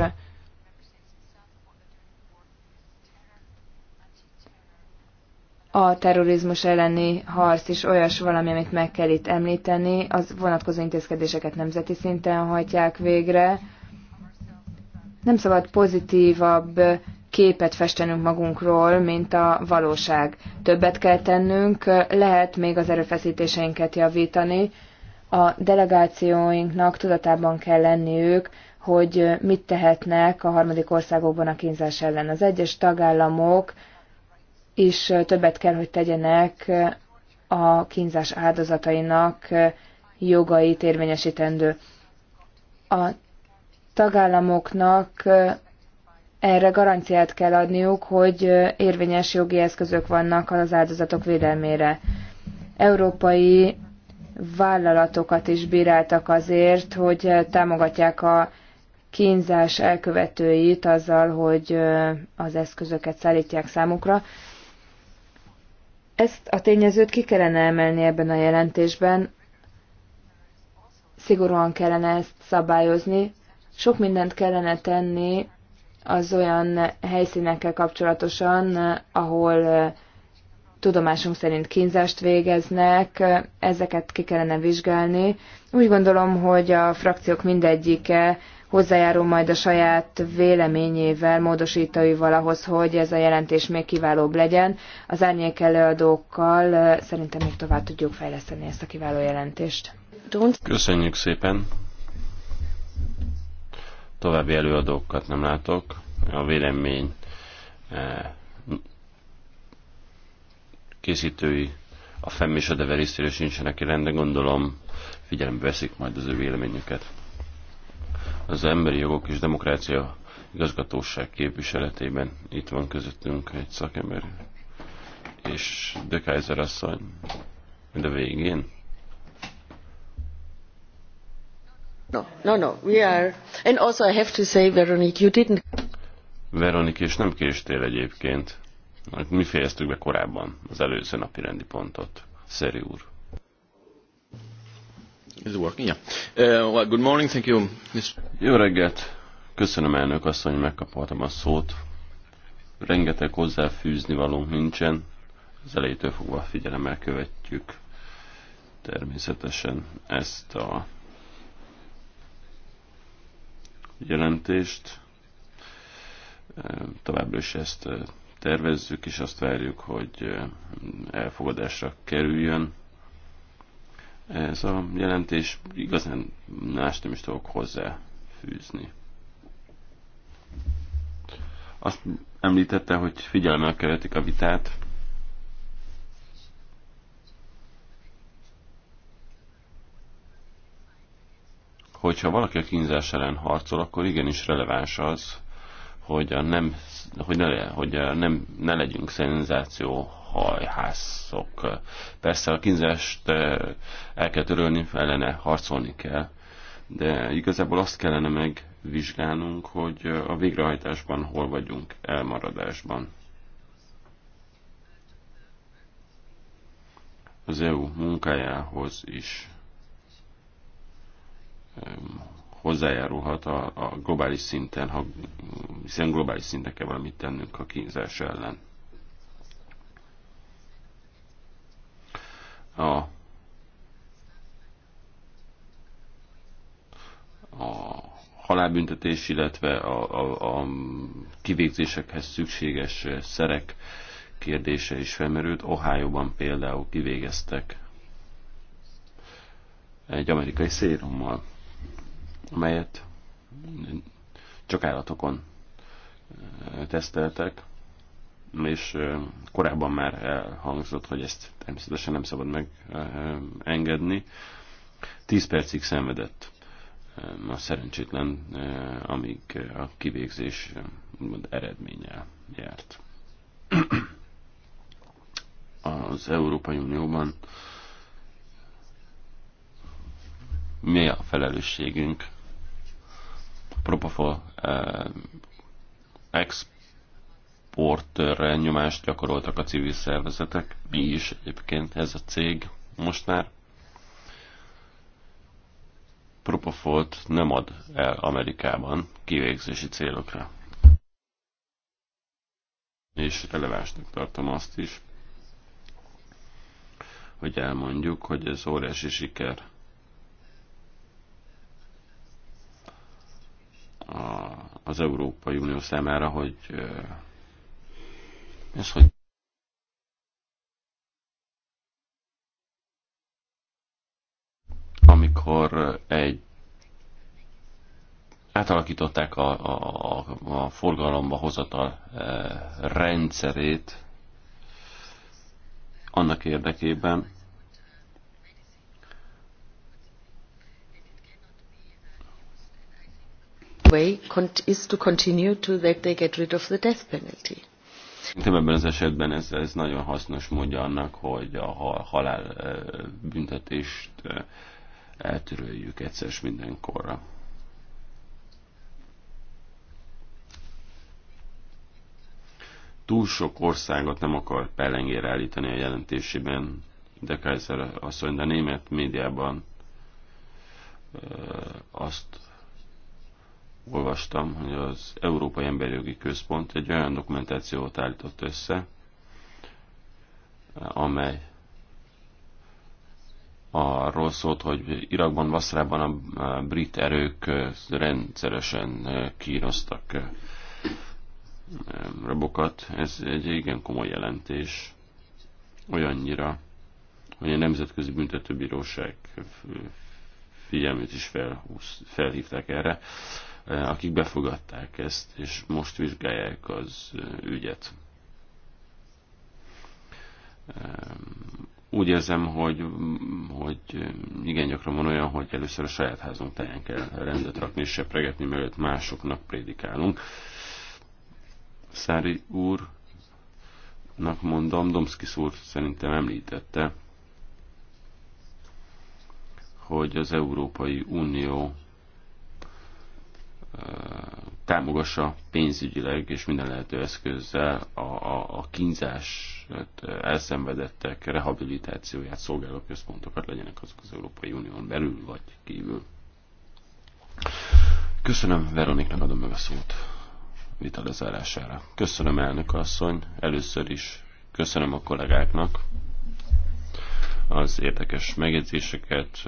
a terrorizmus elleni harc is olyas valami, amit meg kell itt említeni, az vonatkozó intézkedéseket nemzeti szinten hajtják végre. Nem szabad pozitívabb képet festenünk magunkról, mint a valóság. Többet kell tennünk, lehet még az erőfeszítéseinket javítani. A delegációinknak tudatában kell lenniük, hogy mit tehetnek a harmadik országokban a kínzás ellen. Az egyes tagállamok és többet kell, hogy tegyenek a kínzás áldozatainak jogait érvényesítendő. A tagállamoknak erre garanciát kell adniuk, hogy érvényes jogi eszközök vannak az áldozatok védelmére. Európai vállalatokat is bíráltak azért, hogy támogatják a kínzás elkövetőit azzal, hogy az eszközöket szállítják számukra. Ezt a tényezőt ki kellene emelni ebben a jelentésben, szigorúan kellene ezt szabályozni, sok mindent kellene tenni az olyan helyszínekkel kapcsolatosan, ahol eh, tudomásunk szerint kínzást végeznek, eh, ezeket ki kellene vizsgálni. Úgy gondolom, hogy a frakciók mindegyike hozzájárul majd a saját véleményével, módosítóival ahhoz, hogy ez a jelentés még kiválóbb legyen. Az árnyék előadókkal szerintem még tovább tudjuk fejleszteni ezt a kiváló jelentést. Köszönjük szépen! További előadókat nem látok. A vélemény eh, készítői a FEM és a Dever sincsenek jelen, gondolom figyelembe veszik majd az ő véleményüket az Emberi Jogok és Demokrácia Igazgatóság képviseletében. Itt van közöttünk egy szakember és De Kaiser asszony. De végén. No, no, no, we are. And also I have to say, Veronique, you didn't. Veronique, és nem késtél egyébként. Mi fejeztük be korábban az előző napi rendi pontot. Szeri úr. Is working, yeah. Uh, well, good morning, thank you. Jó reggelt! Köszönöm elnök asszony, hogy megkapoltam a szót. Rengeteg hozzáfűzni valunk nincsen. Az elejétől fogva figyelemmel követjük természetesen ezt a jelentést. Uh, továbbra is ezt uh, tervezzük, és azt várjuk, hogy uh, elfogadásra kerüljön. Ez a jelentés igazán más nem is tudok hozzáfűzni. Azt említette, hogy figyelemmel követik a vitát. Hogyha valaki a kínzás ellen harcol, akkor igenis releváns az, hogy, a nem, hogy, ne, hogy a nem, ne legyünk szenzáció hajhászok. Persze a kínzást eh, el kell törölni, ellene harcolni kell, de igazából azt kellene megvizsgálnunk, hogy a végrehajtásban hol vagyunk elmaradásban. Az EU munkájához is hozzájárulhat a, a globális szinten, ha, hiszen globális szinten kell valamit tennünk a kínzás ellen. a a halálbüntetés, illetve a, a, a kivégzésekhez szükséges szerek kérdése is felmerült. Ohio-ban például kivégeztek egy amerikai szérummal, amelyet csak állatokon eh, teszteltek és korábban már elhangzott, hogy ezt természetesen nem szabad megengedni. Tíz percig szenvedett a szerencsétlen, amíg a kivégzés eredménye járt. Az Európai Unióban mi a felelősségünk? Propofol ex portőrre nyomást gyakoroltak a civil szervezetek, mi is egyébként ez a cég most már. Propofolt nem ad el Amerikában kivégzési célokra. És relevánsnak tartom azt is, hogy elmondjuk, hogy ez óriási siker az Európai Unió számára, hogy és hogy amikor egy átalakították a, a, a forgalomba hozatal e, rendszerét annak érdekében, way is to continue to that they get rid of the death penalty. Szerintem ebben az esetben ez, ez nagyon hasznos módja annak, hogy a halál büntetést eltöröljük egyszer mindenkorra. Túl sok országot nem akar pellengére állítani a jelentésében, de Kaiser asszony, de német médiában azt olvastam, hogy az Európai Emberi Jogi Központ egy olyan dokumentációt állított össze, amely arról szólt, hogy Irakban, Vaszrában a brit erők rendszeresen kínoztak rabokat. Ez egy igen komoly jelentés. Olyannyira, hogy a Nemzetközi Büntetőbíróság figyelmét is felhívták erre. Eh, akik befogadták ezt, és most vizsgálják az eh, ügyet. Úgy érzem, hogy, hogy igen gyakran van olyan, hogy először a saját házunk teljén kell rendet rakni és sepregetni, mielőtt másoknak prédikálunk. Szári úrnak mondom, Domszkis úr szerintem említette, hogy az Európai Unió támogassa pénzügyileg és minden lehető eszközzel a, a, a kínzás hát, elszenvedettek rehabilitációját szolgáló központokat legyenek azok az Európai Unión belül vagy kívül. Köszönöm, Veroniknak adom meg a szót vita lezárására. Köszönöm, elnök asszony, először is köszönöm a kollégáknak az érdekes megjegyzéseket,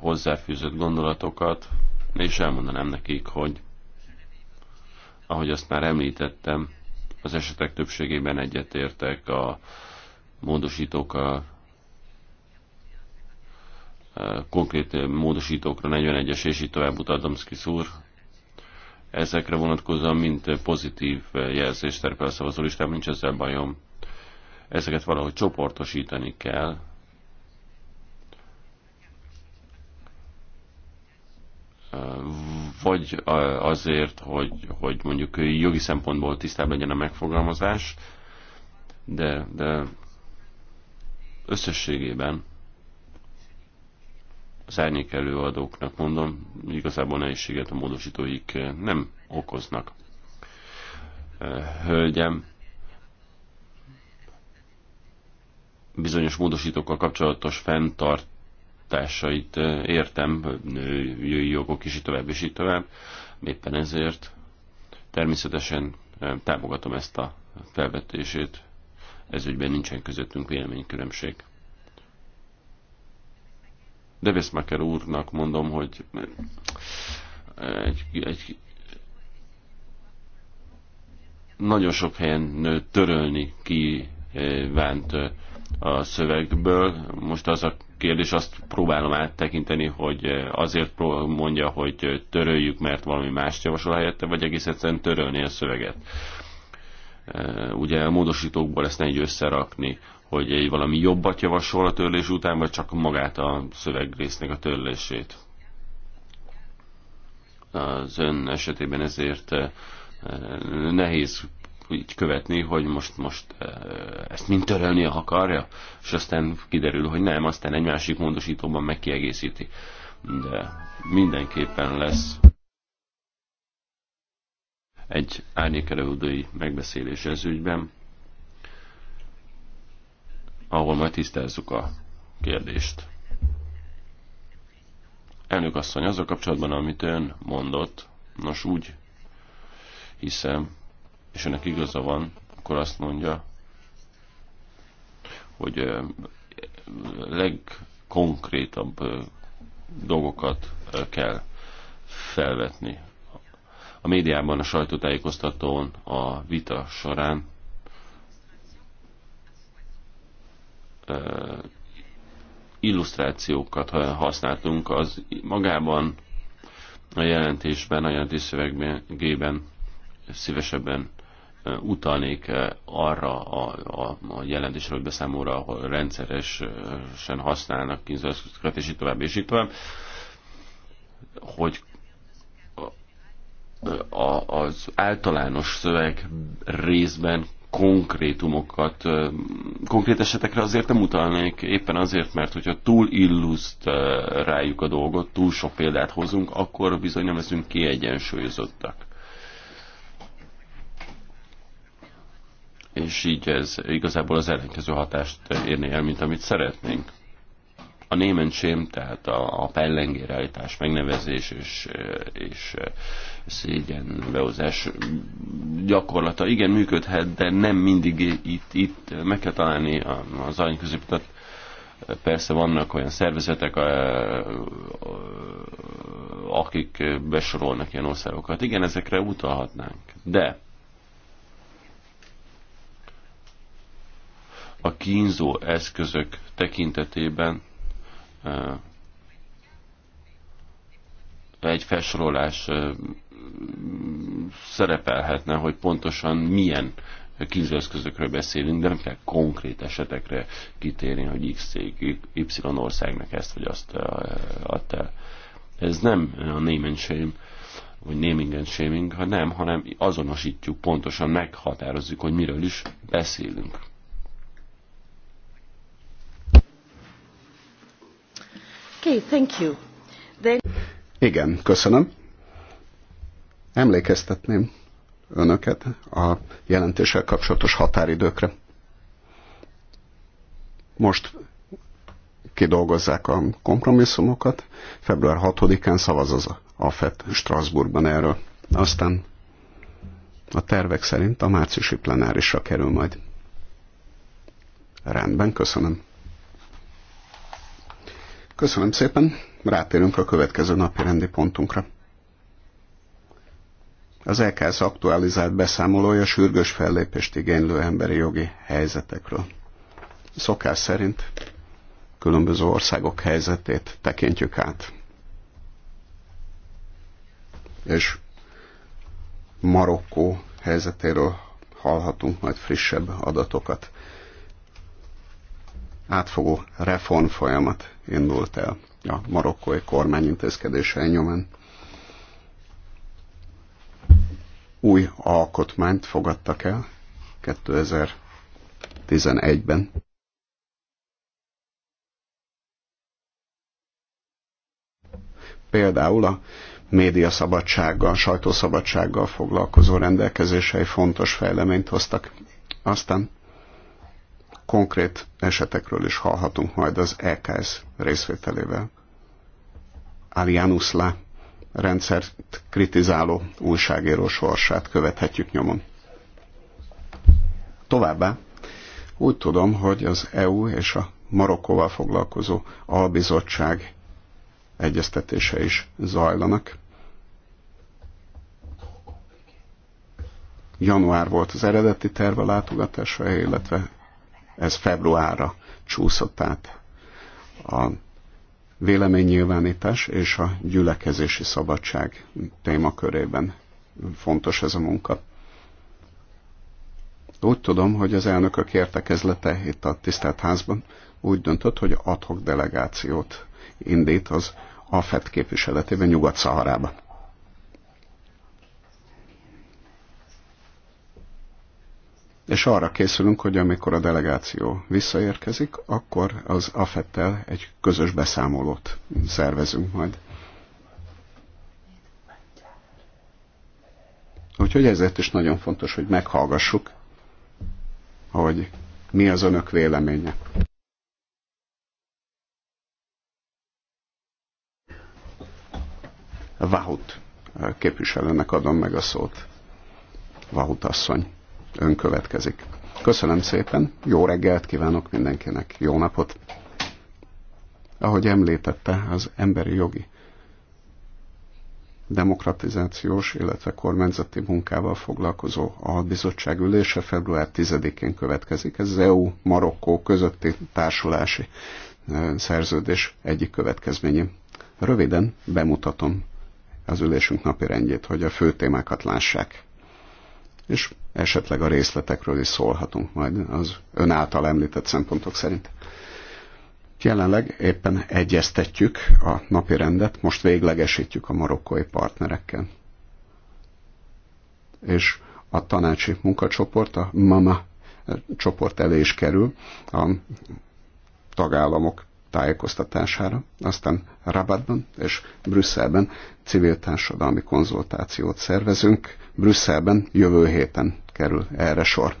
hozzáfűzött gondolatokat, és elmondanám nekik, hogy ahogy azt már említettem, az esetek többségében egyetértek a módosítókkal, konkrét módosítókra, 41-es és így tovább utadamszki szúr. Ezekre vonatkozóan mint pozitív jelzést terpel a szavazólistában, nincs ezzel bajom. Ezeket valahogy csoportosítani kell vagy azért, hogy, hogy mondjuk jogi szempontból tisztább legyen a megfogalmazás, de, de összességében az árnyék előadóknak mondom, igazából nehézséget a módosítóik nem okoznak. Hölgyem, bizonyos módosítókkal kapcsolatos fenntart társait értem, női jogok is így tovább, és így tovább. Éppen ezért természetesen támogatom ezt a felvetését. Ez ügyben nincsen közöttünk véleménykülönbség. Devesmaker úrnak mondom, hogy egy, egy nagyon sok helyen törölni kívánt a szövegből. Most az a kérdés, azt próbálom áttekinteni, hogy eh, azért mondja, hogy eh, töröljük, mert valami mást javasol helyette, vagy egész egyszerűen törölni a szöveget. Eh, ugye a módosítókból ezt nehéz összerakni, hogy egy valami jobbat javasol a törlés után, vagy csak magát a szövegrésznek a törlését. Az ön esetében ezért nehéz így követni, hogy most, most ezt mind törölni akarja, és aztán kiderül, hogy nem, aztán egy másik módosítóban megkiegészíti. De mindenképpen lesz egy árnyékelődői megbeszélés ez ügyben, ahol majd tisztázzuk a kérdést. Elnök asszony, azzal kapcsolatban, amit ön mondott, nos úgy hiszem, és ennek igaza van, akkor azt mondja, hogy legkonkrétabb dolgokat kell felvetni. A médiában, a sajtótájékoztatón, a vita során illusztrációkat használtunk, az magában a jelentésben, a jelentés szövegében szívesebben utalnék arra a, a, a jelentésre, hogy beszámolra, ahol rendszeresen használnak kínzóeszközöket, és így tovább, és így tovább, hogy a, az általános szöveg részben konkrétumokat, konkrét esetekre azért nem utalnék, éppen azért, mert hogyha túl rájuk a dolgot, túl sok példát hozunk, akkor bizony nem leszünk kiegyensúlyozottak. és így ez igazából az ellenkező hatást érné el, mint amit szeretnénk. A némentsém, tehát a, a pellengérállítás, megnevezés és, és szégyen behozás gyakorlata igen működhet, de nem mindig itt, itt meg kell találni az aranyközéputat. Persze vannak olyan szervezetek, akik besorolnak ilyen országokat. Igen, ezekre utalhatnánk. De a kínzó eszközök tekintetében egy felsorolás szerepelhetne, hogy pontosan milyen kínzőeszközökről beszélünk, de nem kell konkrét esetekre kitérni, hogy X cég Y országnak ezt vagy azt adta el. Ez nem a name and shame, vagy naming and shaming, ha nem, hanem azonosítjuk, pontosan meghatározzuk, hogy miről is beszélünk. Igen, köszönöm. Emlékeztetném önöket a jelentéssel kapcsolatos határidőkre. Most kidolgozzák a kompromisszumokat, február 6-án szavaz az AFET Strasbourgban erről. Aztán a tervek szerint a márciusi plenárisra kerül majd. Rendben, köszönöm. Köszönöm szépen, rátérünk a következő napi rendi pontunkra. Az LKS aktualizált beszámolója sürgős fellépést igénylő emberi jogi helyzetekről. Szokás szerint különböző országok helyzetét tekintjük át. És Marokkó helyzetéről hallhatunk majd frissebb adatokat átfogó reform folyamat indult el a marokkói kormány intézkedései nyomán. Új alkotmányt fogadtak el 2011-ben. Például a médiaszabadsággal, sajtószabadsággal foglalkozó rendelkezései fontos fejleményt hoztak. Aztán Konkrét esetekről is hallhatunk majd az EKS részvételével. Alianus Le rendszert kritizáló újságíró sorsát követhetjük nyomon. Továbbá úgy tudom, hogy az EU és a Marokkóval foglalkozó albizottság egyeztetése is zajlanak. Január volt az eredeti terve látogatása, illetve ez februárra csúszott át a véleménynyilvánítás és a gyülekezési szabadság témakörében. Fontos ez a munka. Úgy tudom, hogy az elnökök értekezlete itt a tisztelt házban úgy döntött, hogy adhok delegációt indít az AFET képviseletében Nyugat-Szaharában. és arra készülünk, hogy amikor a delegáció visszaérkezik, akkor az AFET-tel egy közös beszámolót szervezünk majd. Úgyhogy ezért is nagyon fontos, hogy meghallgassuk, hogy mi az önök véleménye. Vahut képviselőnek adom meg a szót. Vahut asszony ön következik. Köszönöm szépen, jó reggelt kívánok mindenkinek, jó napot! Ahogy említette, az emberi jogi demokratizációs, illetve kormányzati munkával foglalkozó albizottság ülése február 10-én következik. Ez az EU-Marokkó közötti társulási e, szerződés egyik következménye. Röviden bemutatom az ülésünk napi rendjét, hogy a fő témákat lássák és esetleg a részletekről is szólhatunk majd az ön által említett szempontok szerint. Jelenleg éppen egyeztetjük a napi rendet, most véglegesítjük a marokkói partnerekkel. És a tanácsi munkacsoport, a MAMA csoport elé is kerül a tagállamok tájékoztatására, aztán Rabatban és Brüsszelben civil társadalmi konzultációt szervezünk. Brüsszelben jövő héten kerül erre sor.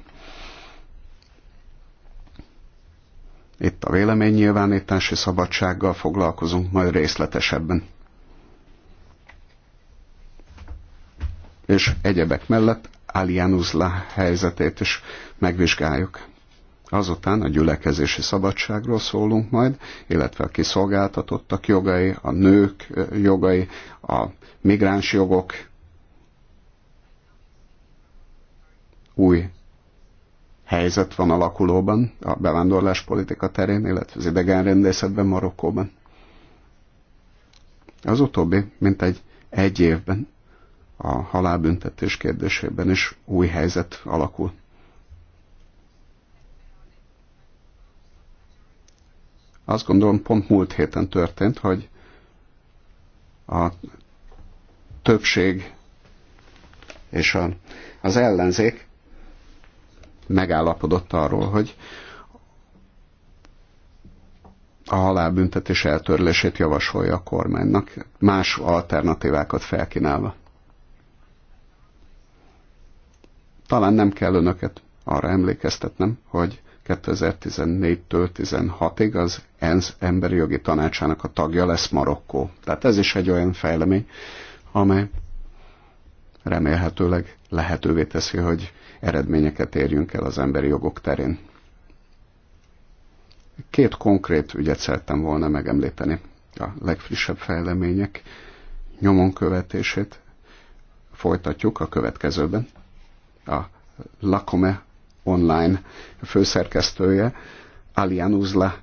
Itt a véleménynyilvánítási szabadsággal foglalkozunk majd részletesebben. És egyebek mellett Alianuzla helyzetét is megvizsgáljuk Azután a gyülekezési szabadságról szólunk majd, illetve a kiszolgáltatottak jogai, a nők jogai, a migráns jogok, új helyzet van alakulóban a bevándorlás politika terén, illetve az idegenrendészetben Marokkóban. Az utóbbi, mint egy, egy évben a halálbüntetés kérdésében is új helyzet alakul. Azt gondolom pont múlt héten történt, hogy a többség és a, az ellenzék megállapodott arról, hogy a halálbüntetés eltörlését javasolja a kormánynak, más alternatívákat felkínálva. Talán nem kell önöket arra emlékeztetnem, hogy 2014-től 16-ig az ENSZ emberi jogi tanácsának a tagja lesz Marokkó. Tehát ez is egy olyan fejlemény, amely remélhetőleg lehetővé teszi, hogy eredményeket érjünk el az emberi jogok terén. Két konkrét ügyet szerettem volna megemlíteni. A legfrissebb fejlemények nyomon követését folytatjuk a következőben. A Lakome online főszerkesztője, Alian Uzla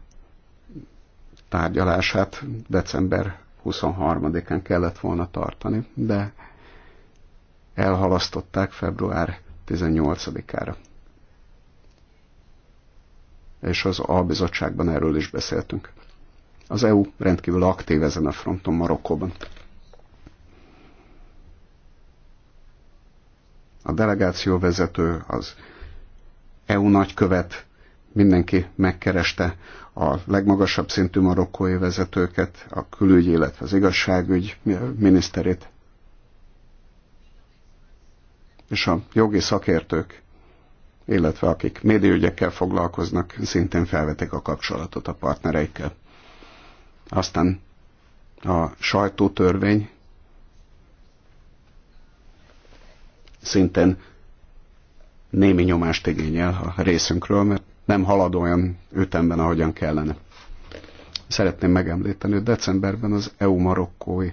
tárgyalását december 23-án kellett volna tartani, de elhalasztották február 18-ára. És az albizottságban erről is beszéltünk. Az EU rendkívül aktív ezen a fronton Marokkóban. A delegáció vezető, az EU nagykövet, mindenki megkereste a legmagasabb szintű marokkói vezetőket, a külügy, illetve az igazságügy miniszterét, és a jogi szakértők, illetve akik médiaügyekkel foglalkoznak, szintén felvetik a kapcsolatot a partnereikkel. Aztán a sajtótörvény szintén némi nyomást igényel a részünkről, mert nem halad olyan ütemben, ahogyan kellene. Szeretném megemlíteni, hogy decemberben az EU-marokkói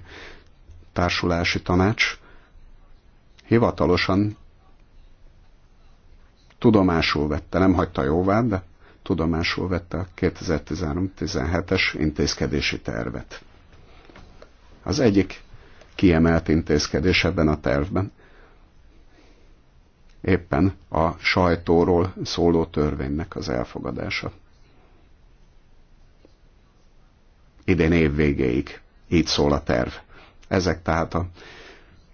társulási tanács hivatalosan tudomásul vette, nem hagyta jóvá, de tudomásul vette a 2013-17-es intézkedési tervet. Az egyik kiemelt intézkedés ebben a tervben éppen a sajtóról szóló törvénynek az elfogadása. Idén év végéig így szól a terv. Ezek tehát a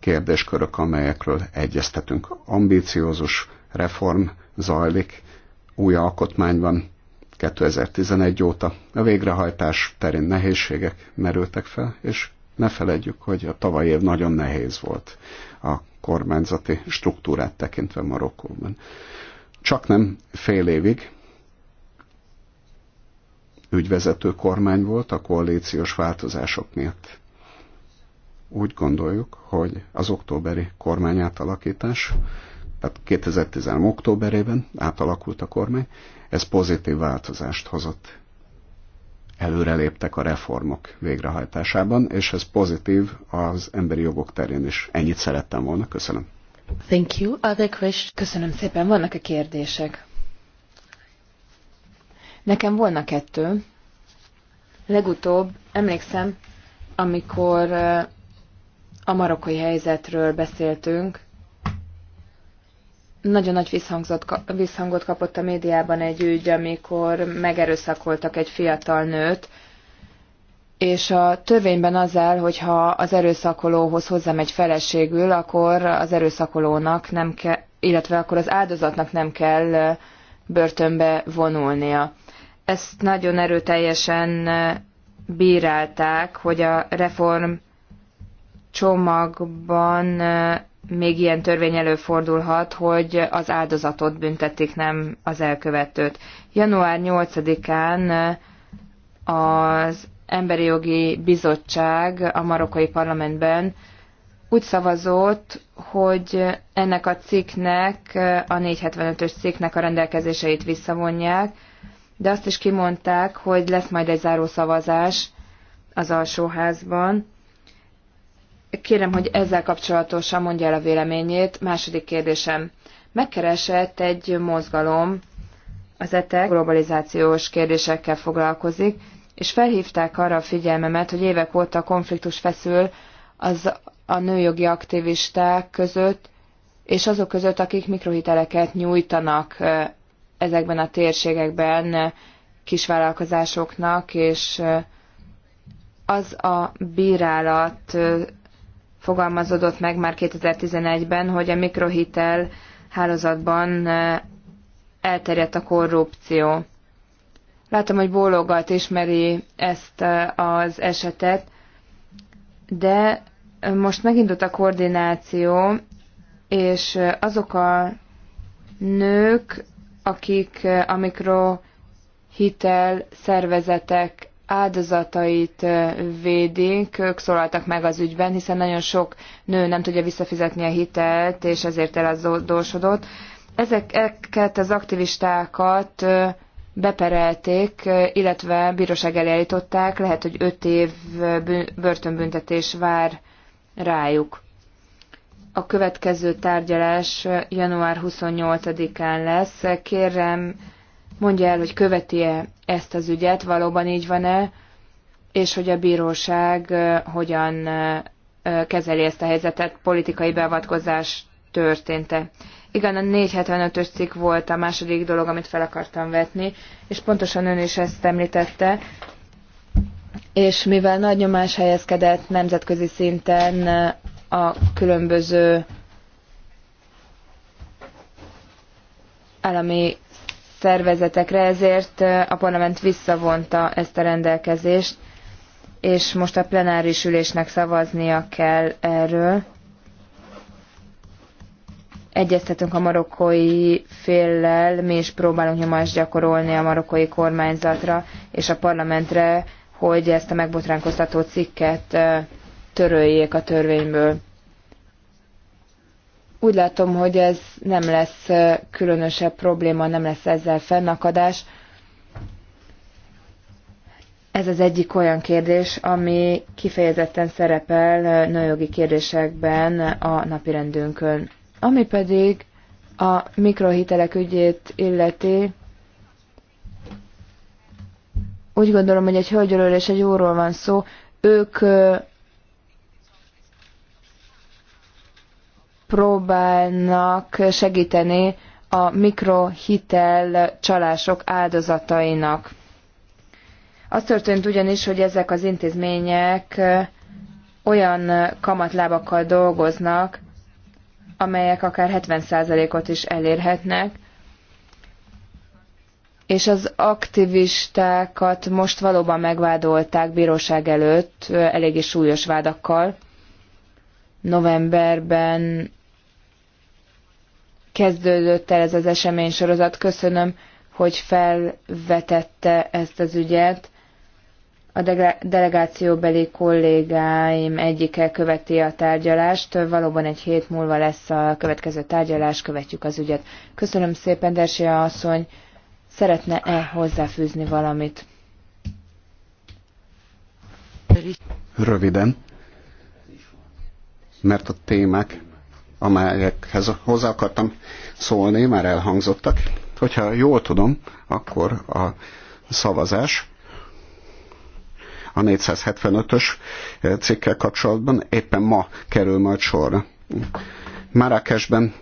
kérdéskörök, amelyekről egyeztetünk. Ambíciózus reform zajlik, új alkotmány van 2011 óta. A végrehajtás terén nehézségek merültek fel, és ne feledjük, hogy a tavaly év nagyon nehéz volt. A kormányzati struktúrát tekintve Marokkóban. Csak nem fél évig ügyvezető kormány volt a koalíciós változások miatt. Úgy gondoljuk, hogy az októberi kormány átalakítás, tehát 2013. októberében átalakult a kormány, ez pozitív változást hozott előreléptek a reformok végrehajtásában, és ez pozitív az emberi jogok terén is. Ennyit szerettem volna. Köszönöm. Thank you. Other questions? Köszönöm szépen. vannak a kérdések? Nekem volna kettő. Legutóbb, emlékszem, amikor a marokkai helyzetről beszéltünk, nagyon nagy visszhangot kapott a médiában egy ügy, amikor megerőszakoltak egy fiatal nőt, és a törvényben az áll, hogy ha az erőszakolóhoz hozzámegy feleségül, akkor az erőszakolónak nem kell, illetve akkor az áldozatnak nem kell börtönbe vonulnia. Ezt nagyon erőteljesen bírálták, hogy a reform csomagban még ilyen törvény előfordulhat, hogy az áldozatot büntetik, nem az elkövetőt. Január 8-án eh, az Emberi Jogi Bizottság a marokkai parlamentben úgy szavazott, hogy ennek a cikknek, eh, a 475-ös cikknek a rendelkezéseit visszavonják, de azt is kimondták, hogy lesz majd egy szavazás az alsóházban, Kérem, hogy ezzel kapcsolatosan mondja el a véleményét. Második kérdésem. Megkeresett egy mozgalom, az ETEC globalizációs kérdésekkel foglalkozik, és felhívták arra a figyelmemet, hogy évek óta konfliktus feszül az a nőjogi aktivisták között, és azok között, akik mikrohiteleket nyújtanak ezekben a térségekben kisvállalkozásoknak, és az a bírálat fogalmazódott meg már 2011-ben, hogy a mikrohitel hálózatban eh, elterjedt a korrupció. Látom, hogy bólogat ismeri ezt eh, az esetet, de most megindult a koordináció, és eh, azok a nők, akik a mikrohitel szervezetek áldozatait védik, ők szólaltak meg az ügyben, hiszen nagyon sok nő nem tudja visszafizetni a hitelt, és ezért elazódósodott. Ezeket az aktivistákat beperelték, illetve bíróság eljállították, lehet, hogy öt év börtönbüntetés vár rájuk. A következő tárgyalás január 28-án lesz. Kérem, mondja el, hogy követi-e ezt az ügyet, valóban így van-e, és hogy a bíróság hogyan kezeli ezt a helyzetet, politikai beavatkozás történt-e. Igen, a 475-ös cikk volt a második dolog, amit fel akartam vetni, és pontosan ön is ezt említette, és mivel nagy nyomás helyezkedett nemzetközi szinten a különböző állami szervezetekre, ezért a parlament visszavonta ezt a rendelkezést, és most a plenáris ülésnek szavaznia kell erről. Egyeztetünk a marokkói féllel, mi is próbálunk nyomást gyakorolni a marokkói kormányzatra és a parlamentre, hogy ezt a megbotránkoztató cikket töröljék a törvényből. Úgy látom, hogy ez nem lesz különösebb probléma, nem lesz ezzel fennakadás. Ez az egyik olyan kérdés, ami kifejezetten szerepel nőjogi kérdésekben a napirendünkön. Ami pedig a mikrohitelek ügyét illeti, úgy gondolom, hogy egy hölgyről és egy úrról van szó, ők próbálnak segíteni a mikrohitel csalások áldozatainak. Az történt ugyanis, hogy ezek az intézmények olyan kamatlábakkal dolgoznak, amelyek akár 70%-ot is elérhetnek, és az aktivistákat most valóban megvádolták bíróság előtt eléggé súlyos vádakkal novemberben kezdődött el ez az esemény sorozat. Köszönöm, hogy felvetette ezt az ügyet. A delegációbeli kollégáim egyike követi a tárgyalást. Valóban egy hét múlva lesz a következő tárgyalás, követjük az ügyet. Köszönöm szépen, Dersia asszony. Szeretne-e hozzáfűzni valamit? Röviden mert a témák, amelyekhez hozzá akartam szólni, már elhangzottak. Hogyha jól tudom, akkor a szavazás a 475-ös cikkel kapcsolatban éppen ma kerül majd sorra. Márákesben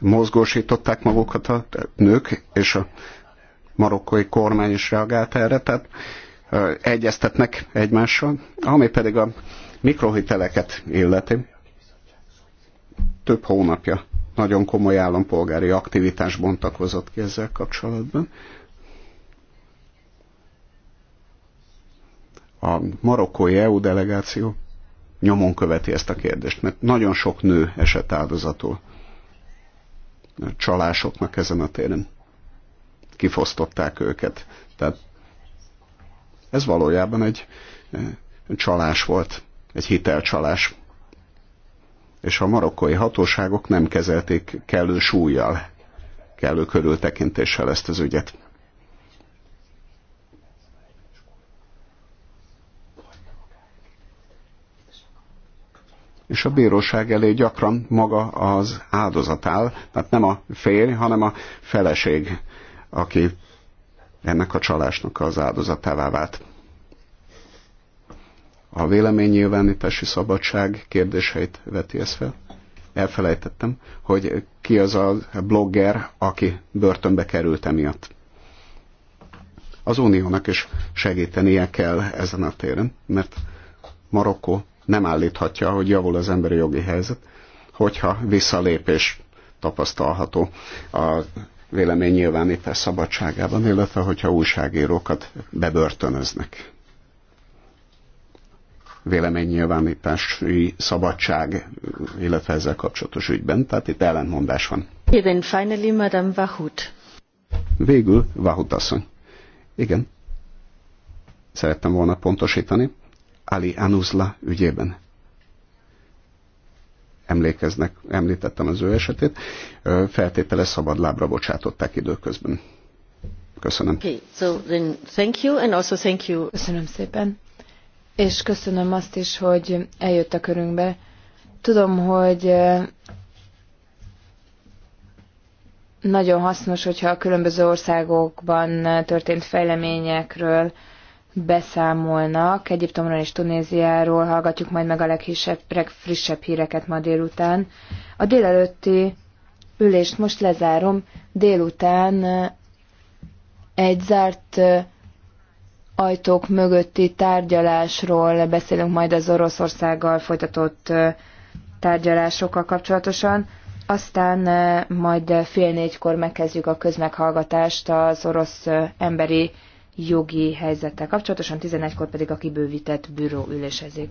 mozgósították magukat a nők, és a marokkói kormány is reagált erre, tehát egyeztetnek egymással, ami pedig a mikrohiteleket illeti, több hónapja nagyon komoly állampolgári aktivitás bontakozott ki ezzel kapcsolatban. A marokkói EU delegáció nyomon követi ezt a kérdést, mert nagyon sok nő esett áldozatul a csalásoknak ezen a téren. Kifosztották őket. Tehát ez valójában egy eh, csalás volt egy hitelcsalás. És a marokkói hatóságok nem kezelték kellő súlyjal, kellő körültekintéssel ezt az ügyet. és a bíróság elé gyakran maga az áldozat áll, tehát nem a férj, hanem a feleség, aki ennek a csalásnak az áldozatává vált a véleménynyilvánítási szabadság kérdéseit veti ezt fel. Elfelejtettem, hogy ki az a blogger, aki börtönbe került emiatt. Az uniónak is segítenie kell ezen a téren, mert Marokkó nem állíthatja, hogy javul az emberi jogi helyzet, hogyha visszalépés tapasztalható a véleménynyilvánítás szabadságában, illetve hogyha újságírókat bebörtönöznek véleménynyilvánítási szabadság, illetve ezzel kapcsolatos ügyben. Tehát itt ellentmondás van. Then finally, Madame Vahut. Végül Vahut asszony. Igen. Szerettem volna pontosítani. Ali Anuzla ügyében emlékeznek, említettem az ő esetét, feltétele szabad lábra bocsátották időközben. Köszönöm. Okay, so then thank you and also thank you. Köszönöm szépen és köszönöm azt is, hogy eljött a körünkbe. Tudom, hogy eh, nagyon hasznos, hogyha a különböző országokban eh, történt fejleményekről beszámolnak. Egyiptomról és Tunéziáról hallgatjuk majd meg a leghisebb, legfrissebb híreket ma délután. A délelőtti ülést most lezárom. Délután eh, egy zárt ajtók mögötti tárgyalásról beszélünk majd az Oroszországgal folytatott tárgyalásokkal kapcsolatosan. Aztán majd fél négykor megkezdjük a közmeghallgatást az orosz emberi jogi helyzettel kapcsolatosan, 11-kor pedig a kibővített bűró ülésezik.